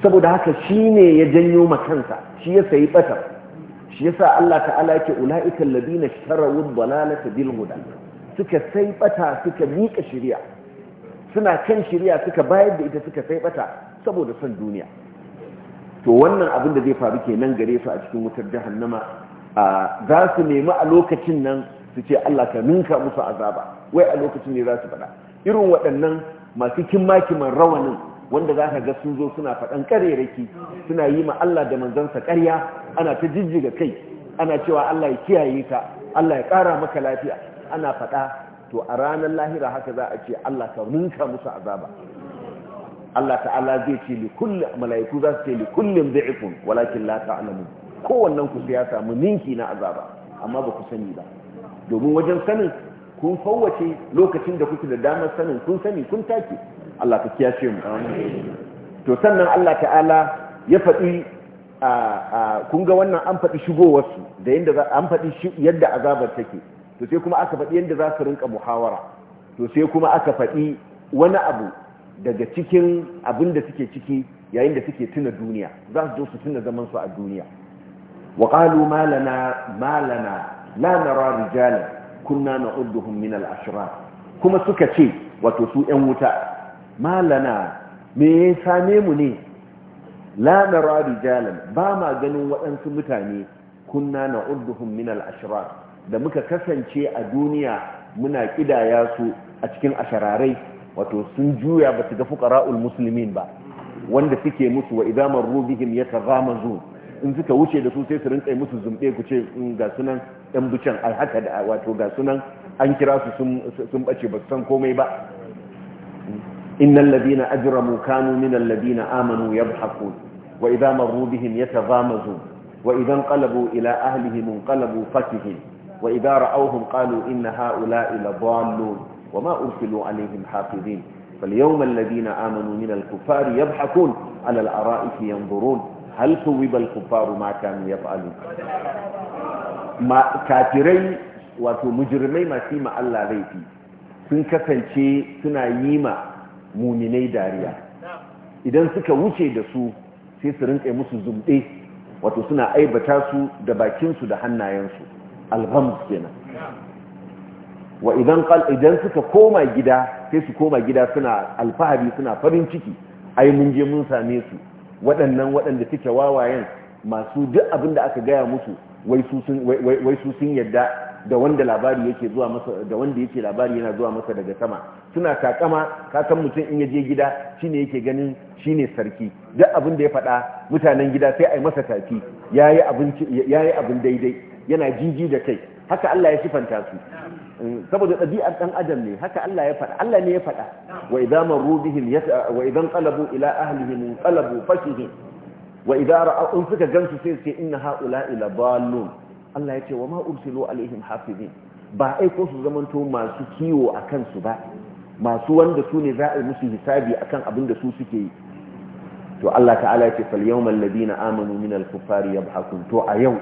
saboda haka shi ne ya janyo makansa shi ya sayi ɓatar shi ya sa Allah ta'ala yake ula'ikan labina sharawun balalata bil suka sai bata suka miƙa shirya suna kan shirya suka bayar da ita suka sai bata saboda son duniya to wannan abin da zai faru kenan gare su a cikin wutar jahannama za su nemi a lokacin nan su ce Allah ka ninka musu azaba wai a lokacin ne za su faɗa irin waɗannan masu kimmakiman rawanin wanda za ka ga sun zo suna faɗan ƙarerake suna yi ma Allah da manzansa ƙarya ana ta jijjiga kai ana cewa Allah ya kiyaye ka Allah ya ƙara maka lafiya ana faɗa to a ranar lahira haka za a ce Allah ka ninka musu azaba Allah ta'ala zai ce li kulli malaiku za su ce li kullin dhifun walakin la ta'lamu wannan ku sai ya samu ninki na azaba amma ba ku sani ba domin wajen sanin kun fawwace lokacin da kuke da damar sanin kun sani kun take Allah ka kiyace mu to sannan Allah ta'ala ya faɗi kun ga wannan an faɗi shigowarsu da yadda an faɗi yadda azabar take to sai kuma aka faɗi yadda za su rinka muhawara to sai kuma aka faɗi wani abu daga cikin abin da suke ciki yayin da suke tuna duniya za su zo su tuna zaman su a duniya wa qalu malana malana la nara rijalan kunna na'udduhum min al-ashrar kuma suka ce wato su ƴan wuta malana me ya same mu ne la nara rijalan ba ma ganin waɗansu mutane kunna na'udduhum min al-ashrar da muka kasance a duniya muna kidaya su a cikin ashararai wato sun juya ba su ga fuqara'ul muslimin ba wanda suke musu wa idamar rubihim ya taramazu in suka wuce da su sai su rinka musu zumbe ku ce mm, ga sunan yan bucan haka da wato ga sunan an kira su sun bace ba san komai ba innal ladina ajramu kanu minal ladina amanu yadhhakun wa idamar rubihim ya taramazu wa idan qalabu ila ahlihim qalabu fatihin wa idza ra'awhum qalu inna ha'ula'i ladallun wama ursilu alaihim hafizin فاليوم الذين آمنوا من الكفار يضحكون على الأرائك ينظرون هل ثوب الكفار ما كانوا يفعلون ما كافرين wato mujirmai masu yi Allah laifi sun kasance suna yi ma muminai dariya idan suka wuce da su sai su rinƙa musu zumɗe wato suna aibata su da bakinsu da hannayensu algham kenan wa idan kal idan suka koma gida sai su koma gida suna alfahari suna farin ciki ai mun je mun same su waɗannan waɗanda suke wawayen masu duk abin da aka gaya musu wai su sun yadda da wanda labari yake zuwa masa da wanda yake labari yana zuwa masa daga sama suna takama ka san mutum in ya je gida shine yake ganin shine sarki duk abin da ya faɗa mutanen gida sai ai masa tafi yayi abin yayi abin daidai yana jiji da kai haka Allah ya sifanta su saboda ɗabi'ar ɗan adam ne haka Allah ya faɗa Allah ne ya faɗa wa idan marru bihim wa idan qalabu ila ahlihim qalabu fakihin wa idan ra'u suka gansu sai su ce inna haula ila dallun Allah ya ce wa ma ursilu alaihim hafizin ba aiko su zamanto masu kiwo a kansu ba masu wanda su ne za a yi musu hisabi akan abin da su suke yi to Allah ta'ala ya ce fal yawmal ladina amanu minal kuffari yabhakun to a yau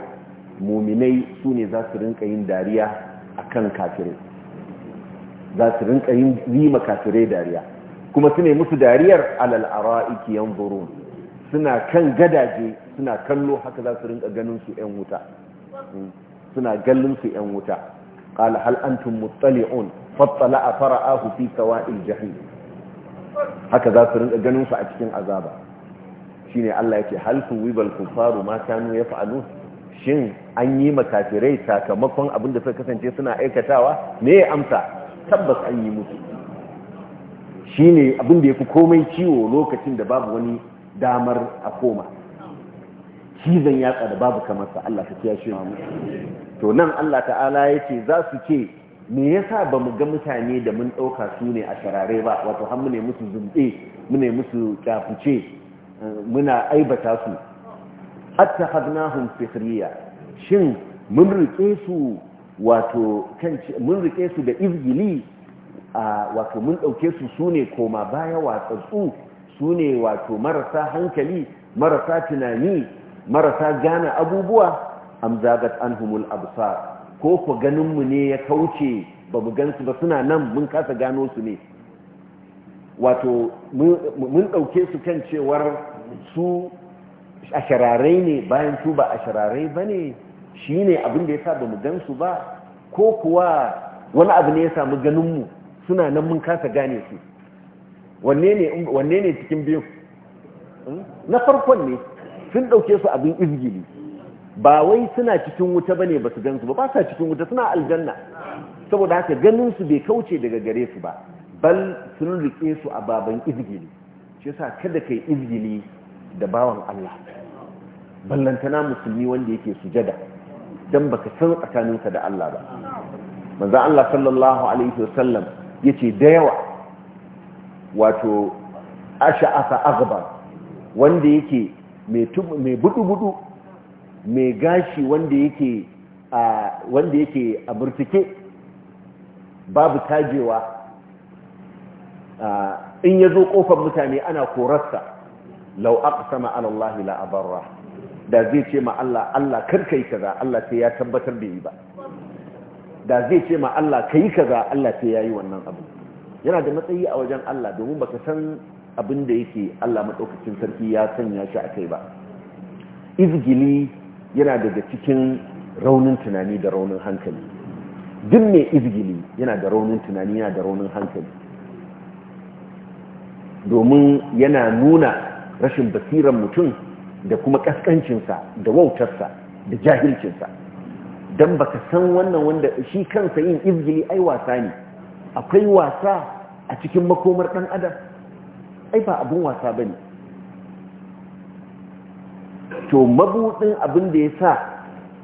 muminai su ne za su rinka yin dariya a kan kafirai za su rinka yin rima kafirai dariya kuma su ne musu dariyar alal ara'iki yanzurun suna kan gadaje suna kallo haka za su rinka ganin su yan wuta hmm. suna gallin su yan wuta qala hal fattala a fattala'a fara'ahu fi sawa'il jahim haka za su rinka ganin su a cikin azaba shine Allah yake hal tuwibal kufaru ma kanu yaf'alun shin an yi makafirai sakamakon abin da suka kasance suna aikatawa me ya amsa tabbas an yi musu Shi ne abin da ya fi komai ciwo lokacin da babu wani damar a koma cizon yatsa da babu kamar sa Allah ta kiyashe musu. to nan Allah ta'ala ya ce za su ce me yasa ba mu ga mutane da mun ɗauka su ne a sharare ba wato har mu ne musu zumbe mu ne musu kyafuce muna aibata su attakhadnahum fikhriya shin mun rike su wato kan mun rike su da izgili wato mun dauke su sune koma baya watsatsu sune wato marasa hankali marasa tunani marasa gane abubuwa am zagat anhumul absar ko ku ganin mu ne ya kauce ba mu gansu ba suna nan mun kasa gano su ne wato mun dauke su kan cewar su ashararai ne bayan su ba ashararai ba ne shi ne abin da ya sa ba mu gan su ba ko kuwa wani abu ne ya samu ganinmu suna nan mun kasa gane su wanne ne cikin biyu hmm? na farkon ne sun ɗauke su abin izgili ba wai suna cikin wuta ba ne ba su gansu ba ba sa cikin wuta suna aljanna saboda haka ganin su bai kauce daga gare su ba bal sun rike su a baban izgili shi sa kada ka yi izgili da bawan Allah ballantana musulmi wanda yake sujada dan baka san tsakaninka da Allah ba manzo Allah sallallahu alaihi wasallam yace da yawa wato Asa aghbar wanda yake mai mai budu-budu mai gashi wanda yake a wanda yake a burtike babu tajewa in ya zo kofar mutane ana korarsa lau aqsama ala Allah la abarra da zai ce ma Allah Allah kar kai kaza Allah sai ya tabbatar da yi ba da zai ce ma Allah kai kaza Allah sai yayi wannan abu yana da matsayi a wajen Allah domin baka san abin da yake Allah madaukakin sarki ya sanya shi a kai ba izgili yana daga cikin raunin tunani da raunin hankali duk mai izgili yana da raunin tunani yana da raunin hankali domin yana nuna rashin basiran mutum da kuma kaskancinsa da wautarsa da jahilcinsa don baka san wannan wanda shi kansa yin izgili ai wasa ne akwai wasa a cikin makomar ɗan adam ai ba abin wasa ba ne to mabuɗin abin da ya sa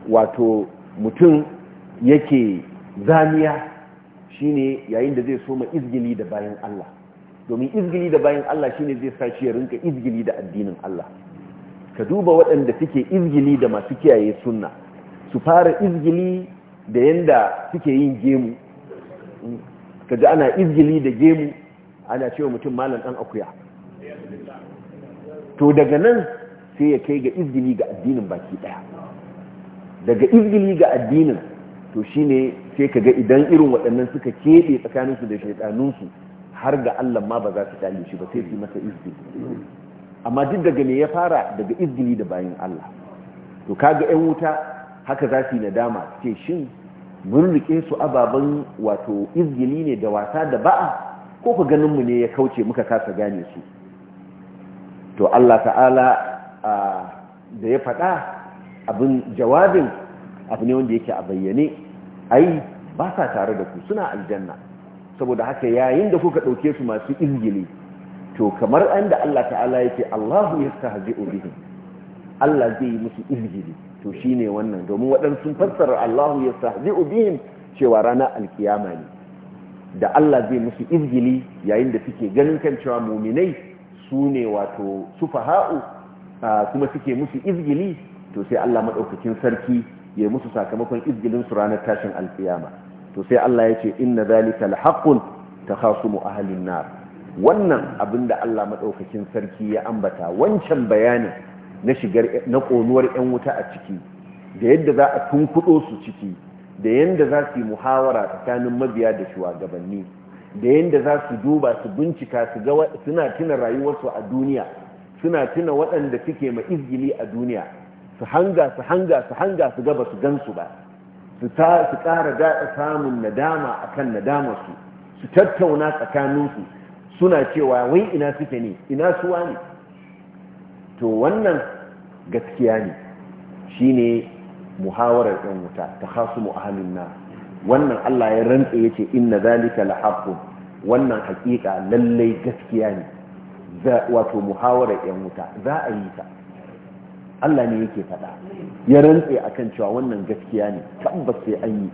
wato mutum yake zamiya shine yayin da zai soma izgili da bayan Allah domin izgili da bayan Allah shi ne zai sa shi ya rinka izgili da addinin Allah ka duba waɗanda suke izgili da masu kiyaye sunna su fara izgili da yanda suke yin gemu kaji ana izgili da gemu ana cewa mutum malam ɗan akuya to daga nan sai ya kai ga izgili ga addinin baki ɗaya daga izgili ga addinin to shi ne sai ka ga idan irin waɗannan suka keɓe tsakaninsu da shaidanunsu har ga Allah ma ba za su tale shi ba sai su masa izgili amma duk daga me ya fara daga izgili da bayan Allah to kaga yan wuta haka za su yi nadama ce shin mun rike su ababen wato izgili ne da wasa da ba'a ko ku ganin mu ne ya kauce muka kasa gane su to Allah ta'ala da ya faɗa abin jawabin abu ne wanda yake a bayyane ai ba sa tare da ku suna aljanna saboda haka yayin da kuka ɗauke su masu izgili to kamar inda Allah ta'ala yake Allahu yastahzi'u bihi Allah zai yi musu izgili to shine wannan domin waɗansu sun fassara Allahu yastahzi'u bihim cewa ranar alkiyama ne da Allah zai musu izgili yayin da suke ganin kan cewa muminai sune wato sufaha'u kuma suke musu izgili to sai Allah madaukakin sarki ya musu sakamakon izgilin su ranar tashin alkiyama to sai Allah ya ce inna zalika lahaqqun takhasumu ahlin nar wannan abin da Allah maɗaukakin sarki ya ambata wancan bayanin na shigar na ƙonuwar 'yan wuta a ciki da yadda za a tunkuɗo su ciki da yadda za su yi muhawara tsakanin mabiya da shugabanni da yadda za su duba su bincika su ga suna tuna rayuwarsu a duniya suna tuna waɗanda suke ma izgili a duniya su hanga su hanga su hanga su ga ba su gansu ba su ƙara daɗa samun nadama akan nadamarsu su tattauna tsakaninsu suna cewa wai ina suke ne ina suwa ne to wannan gaskiya ne shi ne muhawarar ɗan wuta ta hasu mu'ahalin na wannan Allah ya rantsa ya ce inna zalika la haqqun wannan haƙiƙa lallai gaskiya ne wato muhawarar ɗan wuta za a yi ta Allah ne yake faɗa ya rantsa kan cewa wannan gaskiya ne tabbas sai an yi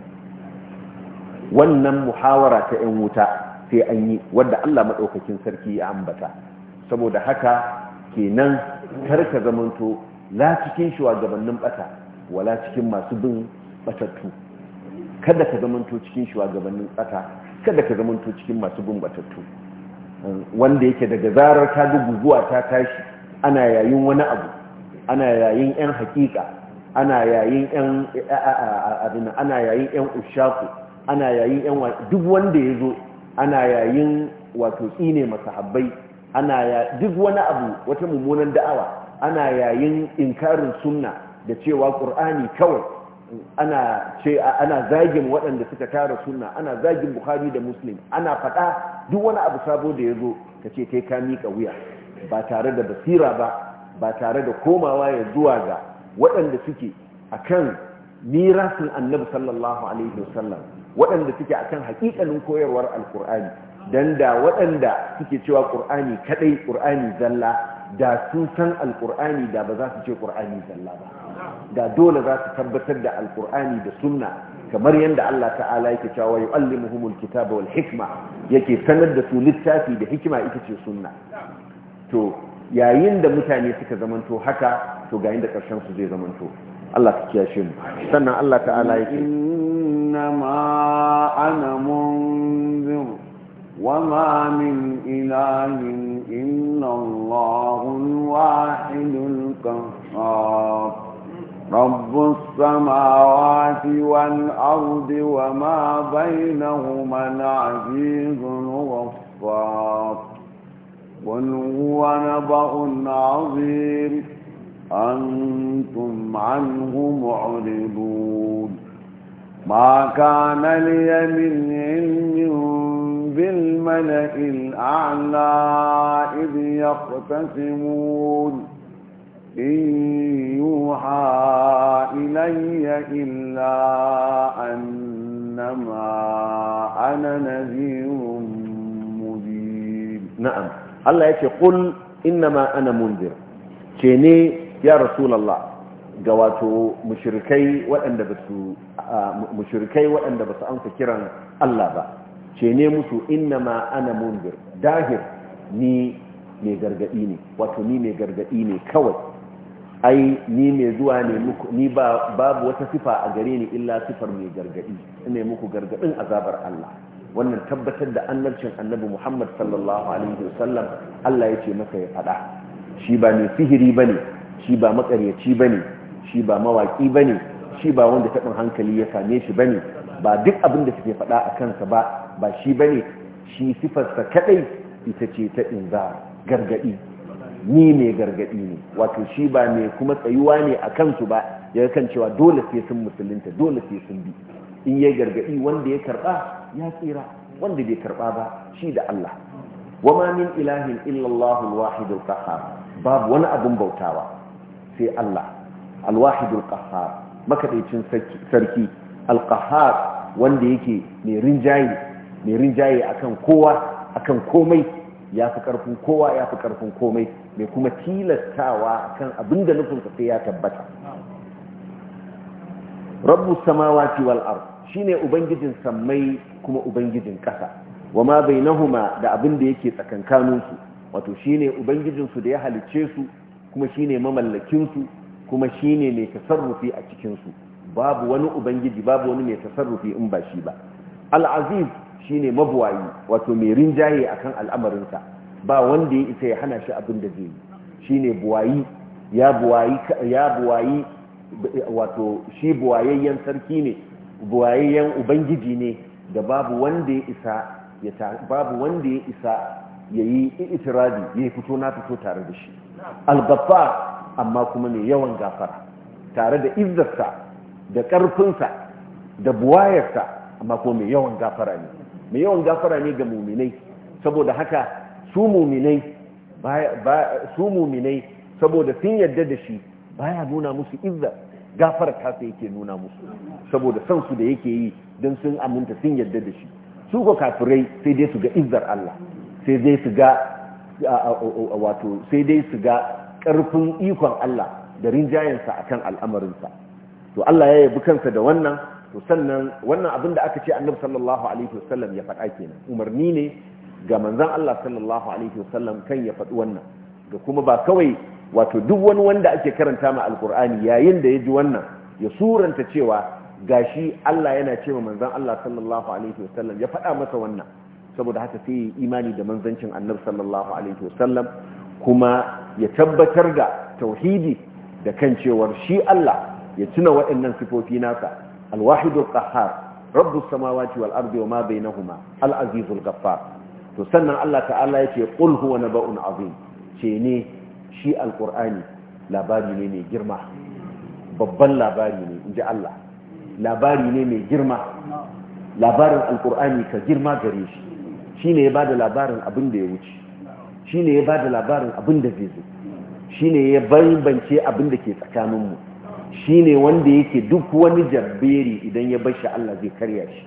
wannan muhawara ta 'yan wuta sai an yi wadda Allah maɗaukakin sarki ya ambata saboda haka kenan karka zamanto la cikin shugabannin bata wala cikin masu bin batattu kada ka zamanto cikin shugabannin bata kada ka zamanto cikin masu bin batattu wanda yake daga zarar ta guguwa ta tashi ana yayin wani abu ana yayin yan hakika ana yayin yan abin ana yayin yan ushaku ana yayin yan duk wanda ya zo. ana yayin wato tsine masahabbai ana ya duk wani abu wata mummunan da'awa ana yayin inkarin sunna da cewa qur'ani kawai ana ce ana zagin waɗanda suka tara sunna ana zagin bukhari da muslim ana faɗa duk wani abu sabo da yazo kace kai ka mika wuya ba tare da basira ba ba tare da komawa ya zuwa ga waɗanda suke akan mirasin annabi sallallahu alaihi wasallam waɗanda suke a kan haƙiƙanin koyarwar alkur'ani dan da waɗanda suke cewa ƙur'ani kaɗai ƙur'ani zalla da sun san alƙur'ani da ba za su ce ƙur'ani zalla ba da dole za su tabbatar da alƙur'ani da sunna kamar yadda Allah ta'ala yake cewa yu'allimuhumul kitaba wal hikma yake sanar da su littafi da hikima ita ce sunna to yayin da mutane suka zamanto haka to ga da ƙarshen su zai zamanto Allah ka kiyashe mu sannan Allah ta'ala yake innama ana munzir wama min ilahin illa Allahul wahidul qahhar رب السماوات والأرض وما بينهما العزيز الغفار قل هو نبأ عظيم أنتم عنه معرضون ما كان لي من علم بالملئ الأعلى إذ يقتسمون إن يوحى إلي إلا أنما أنا نذير مبين نعم الله يقول إنما أنا منذر كني ya rasulallah ga wato mushrikai waɗanda ba su amsa kiran Allah ba ce ne musu innama ana mundir dahir ni mai gargadi ne wato ni mai gargadi ne kawai ai ni mai zuwa ne muku ni babu wata sifa a gare ni illa sifar mai gargadi ne muku gargaɗin azabar Allah wannan tabbatar da annabcin annabi Muhammad sallallahu alaihi wasallam Allah ya ce masa ya faɗa shi ba ne sihiri bane shi ba makaryaci bane shi ba mawaki bane shi ba wanda taɓin hankali ya same shi bane ba duk abin da suke faɗa a kansa ba ba shi bane shi sa kadai ita ce ta inza gargadi ni mai gargadi ne wato shi ba mai kuma tsayuwa ne a kansu ba ya kan cewa dole sai sun musulunta dole sai sun bi in ya gargadi wanda ya karɓa ya tsira wanda bai karɓa ba shi da Allah wama min ilahin illallahu alwahid alqahhar babu wani abun bautawa sai Allah alwahidul qahhar makaɗaicin sarki alqahhar wanda yake mai rinjaye mai rinjaye akan kowa akan komai yafi fi karfin kowa ya karfin komai mai kuma tilastawa akan abinda da nufinsa sai ya tabbata rabbu samawati wal ard shine ubangijin sammai kuma ubangijin ƙasa Wama ma bainahuma da abin da yake tsakankaninsu wato shine ubangijin su da ya halice su kuma shine su kuma shine mai tasarrufi a cikinsu babu wani ubangiji babu wani mai tasarrufi in ba shi ba al'aziz shine mabuwayi wato mai rinjaye akan al'amarinsa ba wanda ya isa ya hana shi abin da zai yi shine buwayi ya buwayi ya buwayi wato shi buwayayyen sarki ne buwayayyen ubangiji ne da babu wanda ya isa ya babu wanda ya isa yayi itirazi ya fito na fito tare da shi al amma kuma mai yawan gafara tare da izzarsa da ƙarfinsa da buwayarsa amma kuma mai yawan gafara ne mai yawan gafara ne ga muminai saboda haka su muminai su muminai saboda sun yadda da shi baya nuna musu izzar gafara kasa yake nuna musu saboda san su da yake yi don sun aminta sun yadda da shi su ko kafirai sai dai su ga izzar Allah sai dai su ga wato sai dai su ga ƙarfin ikon Allah da rinjayensa kan al'amarinsa to Allah ya yabi kansa da wannan to sannan wannan abin da aka ce annabu sallallahu alaihi wasallam ya faɗa kenan umarni ne ga manzan Allah sallallahu alaihi wasallam kan ya faɗi wannan da kuma ba kawai wato duk wani wanda ake karanta ma alkur'ani yayin da ya ji wannan ya suranta cewa gashi Allah yana ce ma manzan Allah sallallahu alaihi wasallam ya faɗa masa wannan saboda haka sai ya imani da manzancin annabi sallallahu alaihi wasallam kuma ya tabbatar da tauhidi da kan cewar shi Allah ya tuna waɗannan sifofi nasa alwahidul qahhar rabbus samawati wal ardi wama bainahuma al azizul ghaffar to sannan Allah ta'ala yace qul huwa naba'un azim ce ne shi alqur'ani labari ne mai girma babban labari ne inji Allah labari ne mai girma labarin alqur'ani ka girma gare shi Shi ne ya ba da labarin abin da ya wuce Shi ne ya ba da labarin abin da zai zo Shi ne ya bambance abin da ke tsakaninmu Shi ne wanda yake duk wani jabberi idan ya bar shi Allah zai karya shi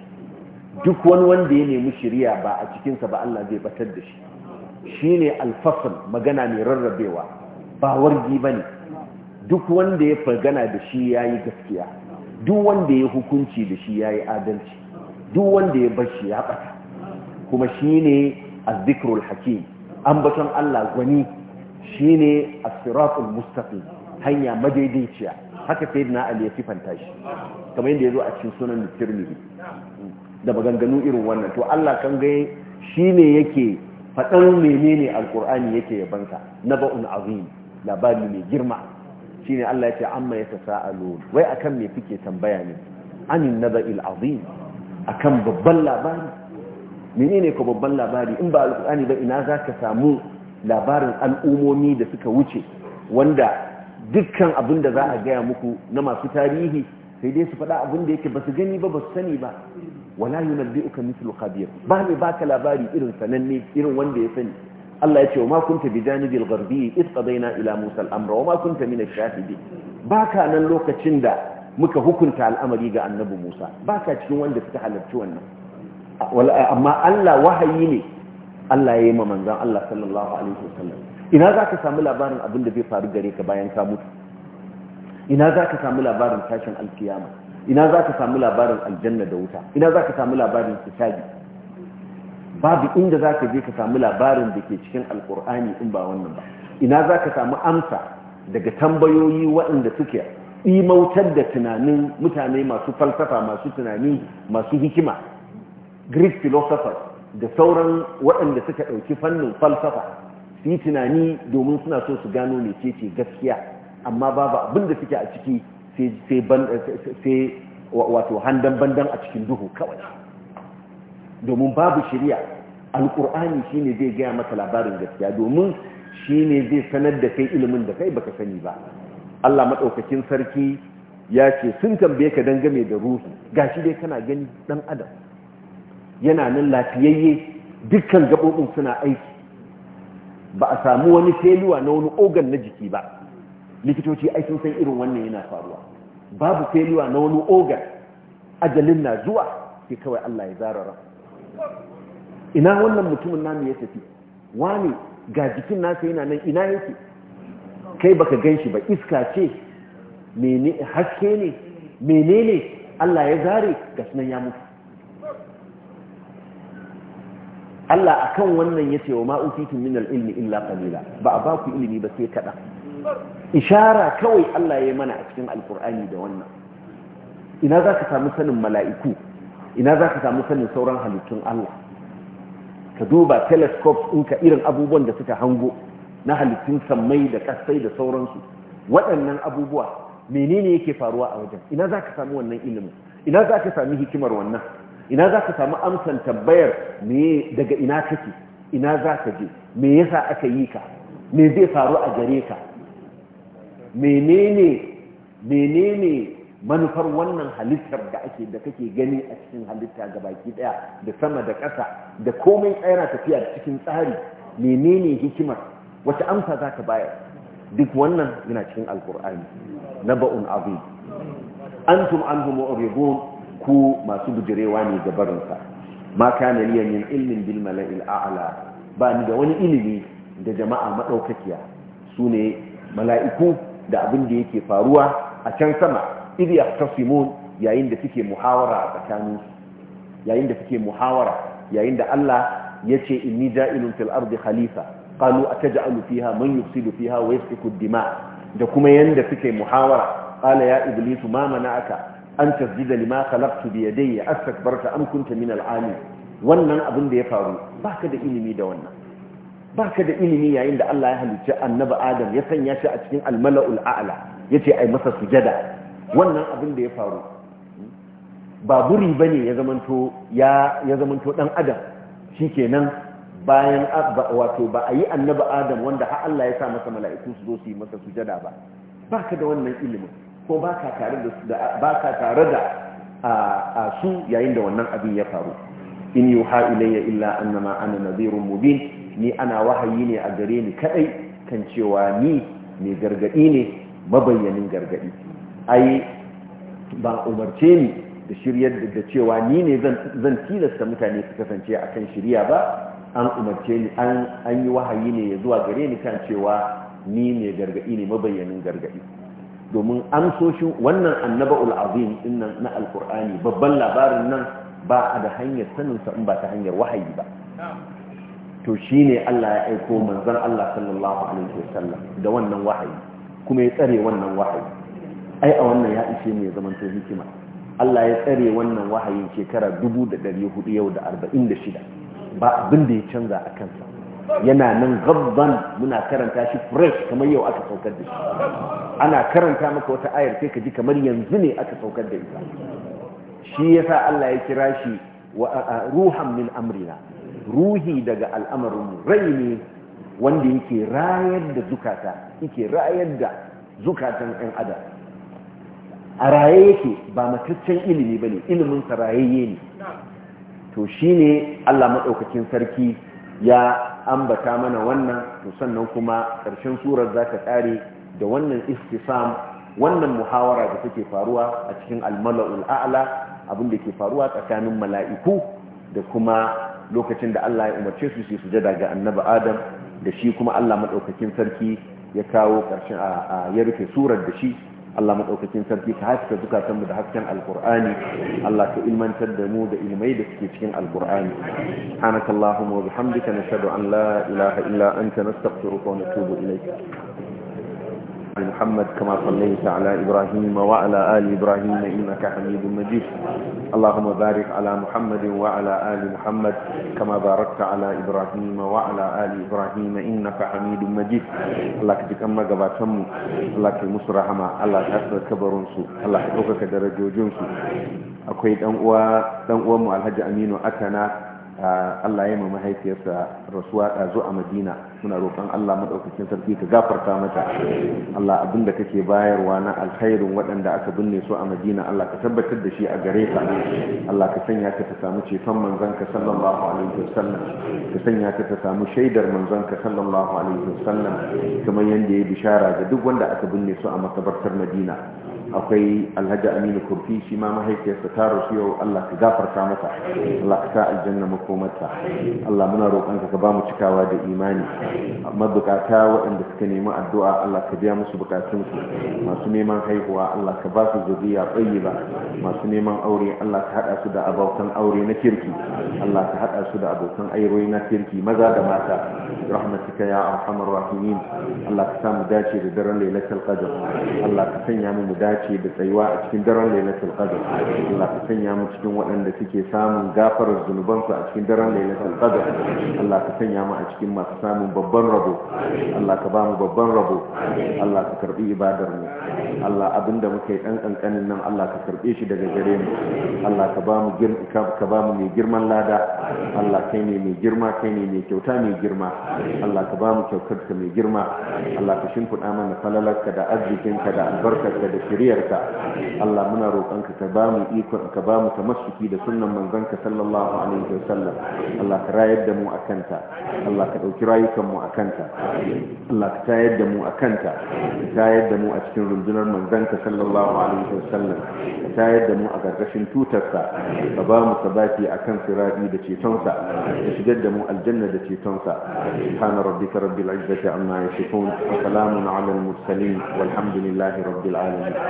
duk wani wanda ya nemi shirya ba a cikinsa ba Allah zai batar da shi Shi ne alfafin magana mai rarrabewa ba wargi ba ne. duk wanda ya fargana da shi ya yi gaskiya duk wanda ya hukunci da shi ya yi adalci duk wanda ya bar shi ya ɓata. kuma shine az-zikrul hakim ambaton Allah gwani shine a siratul mustaqim hanya madaidaiciya haka sayyidina Ali ya sifanta shi kamar yadda zo a cikin sunan Tirmidhi da maganganu irin wannan to Allah kan shi shine yake faɗan menene alkur'ani yake banka naba'un azim labari mai girma shine Allah ya ce amma yatasaalun wai akan me fike tambaya ne anin naba'il azim akan babban labari menene ko babban labari in ba alkur'ani ba ina za ka samu labarin al'umomi da suka wuce wanda dukkan abin da za a gaya muku na masu tarihi sai dai su faɗa abin da yake ba su gani ba ba su sani ba wala uka mithlu khabir ba ne baka labari irin sananne irin wanda ya sani Allah ya ce wa ma kunta bi janibil gharbi id qadayna ila Musa al-amra wa ma min ash-shahidin baka nan lokacin da muka hukunta al'amari ga annabi Musa baka cikin wanda suka halarci wannan amma Allah wahayi ne Allah ya yi ma manzan Allah sallallahu alaihi wasallam ina za ka sami labarin abin da zai faru gare ka bayan ka mutu ina za ka sami labarin tashin alkiyama ina za ka sami labarin aljanna da wuta ina za ka sami labarin kitabi babu inda za ka je ka sami labarin da ke cikin alkur'ani in ba wannan ba ina za ka sami amsa daga tambayoyi waɗanda suke imautar da tunanin mutane masu falsafa masu tunani masu hikima greek philosophers da sauran waɗanda suka ɗauki fannin falsafa su yi tunani domin suna so su gano ce gaskiya amma babu abin da suke a ciki sai wato handan bandan a cikin duhu kawai domin babu shirya alkur'ani ne zai gaya maka labarin gaskiya domin shi ne zai sanar da kai ilimin da kai baka sani ba Allah maɗaukakin sarki ya ce sun tambaye ka dangane da ruhu gashi dai kana gani ɗan adam yana nan lafiyayye dukkan gabobin suna aiki ba a samu wani feluwa na wani ogan na jiki ba likitoci ai sun san irin wannan yana faruwa babu feluwa na wani ogan ajalin na zuwa sai kawai Allah ya zarara ina wannan mutumin namu ya tafi wani ga jikin nasa yana nan ina yake kai baka ganshi ba iska ce haske ne menene Allah ya zare ga nan ya mutu Allah akan wannan ya ce wa ma utitu min ilmi illa qalila ba a baku ilimi ba sai kaɗan, ishara kawai Allah ya mana a cikin alkur'ani da wannan ina za ka samu sanin mala'iku ina za ka samu sanin sauran halittun Allah ka duba telescopes ɗinka irin abubuwan da suka hango na halittun sammai da ƙasai da sauransu waɗannan abubuwa menene yake faruwa a wajen ina za ka samu wannan ilimin ina za ka sami hikimar wannan ina za ka samu amsan tambayar me daga ina kake ina za ka je me yasa aka yi ka me zai faru a gare ka menene menene manufar wannan halittar da ake da kake gani a cikin halitta ga baki daya da sama da ƙasa da komai tsayana tafiya da cikin tsari menene hikimar wata amsa za ka bayar duk wannan yana cikin alkur'ani na ba'un azim antum anhu mu'ridun ku masu bujirewa ne ga barinsa ma kana liya yin ilmin bil mala'il ba ni da wani ilimi da jama'a madaukakiya sune mala'iku da abin da yake faruwa a can sama idh yahtasimun yayin da suke muhawara a tsakanin yayin da suke muhawara yayin da Allah ya inni ja'ilun fil ardi khalifa qalu ataj'alu fiha man yufsidu fiha wa yasfiku dima da kuma yanda suke muhawara qala ya iblisu ma mana'aka an tasjida lima khalaqtu bi yadayya astakbarta am kunta min al wannan abin da ya faru baka da ilimi da wannan baka da ilimi yayin da Allah ya halicci annabi Adam ya sanya shi a cikin al-mala'ul a'la yace ai masa sujada wannan abin da ya faru ba buri bane ya zamanto ya ya zamanto dan adam shikenan bayan wato ba a yi annabi Adam wanda har Allah ya sa masa mala'iku su zo su yi masa sujada ba baka da wannan ilimin ko ba ka tare da su yayin da wannan abin ya faru in yi ha ilayya illa annama ana nazirin mubin ni ana wahayi ne a gare ni kadai kan cewa ni mai gargadi ne mabayyanin gargadi ai ba umarce ni da shiryar da cewa ni ne zan tilasta mutane su kasance a kan shirya ba an umarce ni an yi wahayi ne ya zuwa gare ni kan cewa ni mai gargadi ne mabayyanin gargadi domin amsoshin wannan annaba'ul azim dinnan na alkur'ani babban labarin nan ba a da hanyar saninsa in ba ta hanyar wahayi ba to ne Allah ya aiko manzan Allah sallallahu alaihi wasallam da wannan wahayi kuma ya tsare wannan wahayi ai a wannan ya ishe mu zaman to hikima Allah ya tsare wannan wahayin shekara 1446 ba abin da ya canza a kansa yana nan gabban muna karanta shi fresh kamar yau aka saukar da shi ana karanta maka wata ayar sai ka ji kamar yanzu ne aka saukar da ita shi yasa Allah ya kira shi ruhan min amrina ruhi daga al'amarin rai ne wanda yake rayar da zukata yake rayar da zukatan ɗan adam a raye yake ba mataccen ilimi ba ne iliminsa rayayye ne to shi ne Allah maɗaukakin sarki ya ambata mana wannan to sannan kuma ƙarshen surar za ta ƙare da wannan istisam wannan muhawara da take faruwa a cikin almala'ul a'la abin da ke faruwa tsakanin mala'iku da kuma lokacin da Allah ya umarce su su sujada ga annabi Adam da shi kuma Allah madaukakin sarki ya kawo ƙarshen a rufe surar da shi Allah maɗaukakin sarki ka haska zukatanmu da hasken alkur'ani Allah ka ilmantar da mu da ilmai da suke cikin alkur'ani subhanakallahumma wa bihamdika nashhadu an la ilaha illa anta nastaghfiruka wa natubu ilayk محمد كما صليت على إبراهيم وعلى آل إبراهيم إنك حميد مجيد اللهم بارك على محمد وعلى آل محمد كما باركت على إبراهيم وعلى آل إبراهيم إنك حميد مجيد الله كتك أما قباتهم الله كمسر رحمة الله كأسر كبرنسو الله كتوكك درجو جنسو أكويد أنقوى أنقوى مع الحج أمين أتنا Allah ya yi ma mahaifiyarsa rasuwa ɗazu a Madina muna roƙon Allah maɗaukacin sarki ka gafarta mata Allah abinda kake bayarwa na alkhairin waɗanda aka binne su a Madina Allah ka tabbatar da shi a gare ka Allah ka sanya ka ta samu ceton manzon ka sallallahu alaihi wasallam ka sanya ka ta samu shaidar manzon ka sallallahu alaihi wasallam kamar yadda ya yi bishara ga duk wanda aka binne su a makabartar Madina akwai alhaji aminu kurfi shi ma mahaifiyarsa ta rasu yau allah ka gafarta mata allah ka sa aljanna makomarta allah muna roƙonka ka ba mu cikawa da imani mabukata waɗanda suka nemi addu'a allah ka biya musu bukatunsu masu neman haihuwa allah ka ba su zuriya ba masu neman aure allah ka haɗa su da abokan aure na kirki allah ka haɗa su da abokan aure na kirki maza da mata rahmatika ya arhamar rahimin allah ka sa mu dace da daren lailatul qadr allah ka sanya mu mu dace dace da tsayuwa a cikin daren lailatul qadr Allah ka sanya mu cikin waɗanda suke samun gafarar zunubansu a cikin daren lailatul qadr Allah ka sanya mu a cikin masu samun babban rabo Allah ka ba mu babban rabo Allah ka karbi ibadar mu Allah abinda muke dan kankanin nan Allah ka karbe shi daga gare mu Allah ka ba mu ka ba mu mai girman lada Allah kai ne mai girma kai ne mai kyauta mai girma Allah ka ba mu kyautar ka mai girma Allah ka shimfiɗa mana falalarka da arzikinka da albarkarka da shirya shiriyarka Allah muna roƙonka ka ba mu ikon ka ba mu tamassuki da sunnan manzanka sallallahu alaihi wasallam Allah ka rayar da mu akanta Allah ka ɗauki rayukan mu akanta Allah ka tayar da mu akanta ka tayar da mu a cikin rundunar manzanka sallallahu alaihi wasallam ka tayar da mu a gargashin tutarsa ka ba mu sabaki akan sirati da cetonsa ka shigar da mu aljanna da cetonsa subhana rabbika rabbil izzati amma yasifun wa salamun ala al mursalin والحمد لله رب العالمين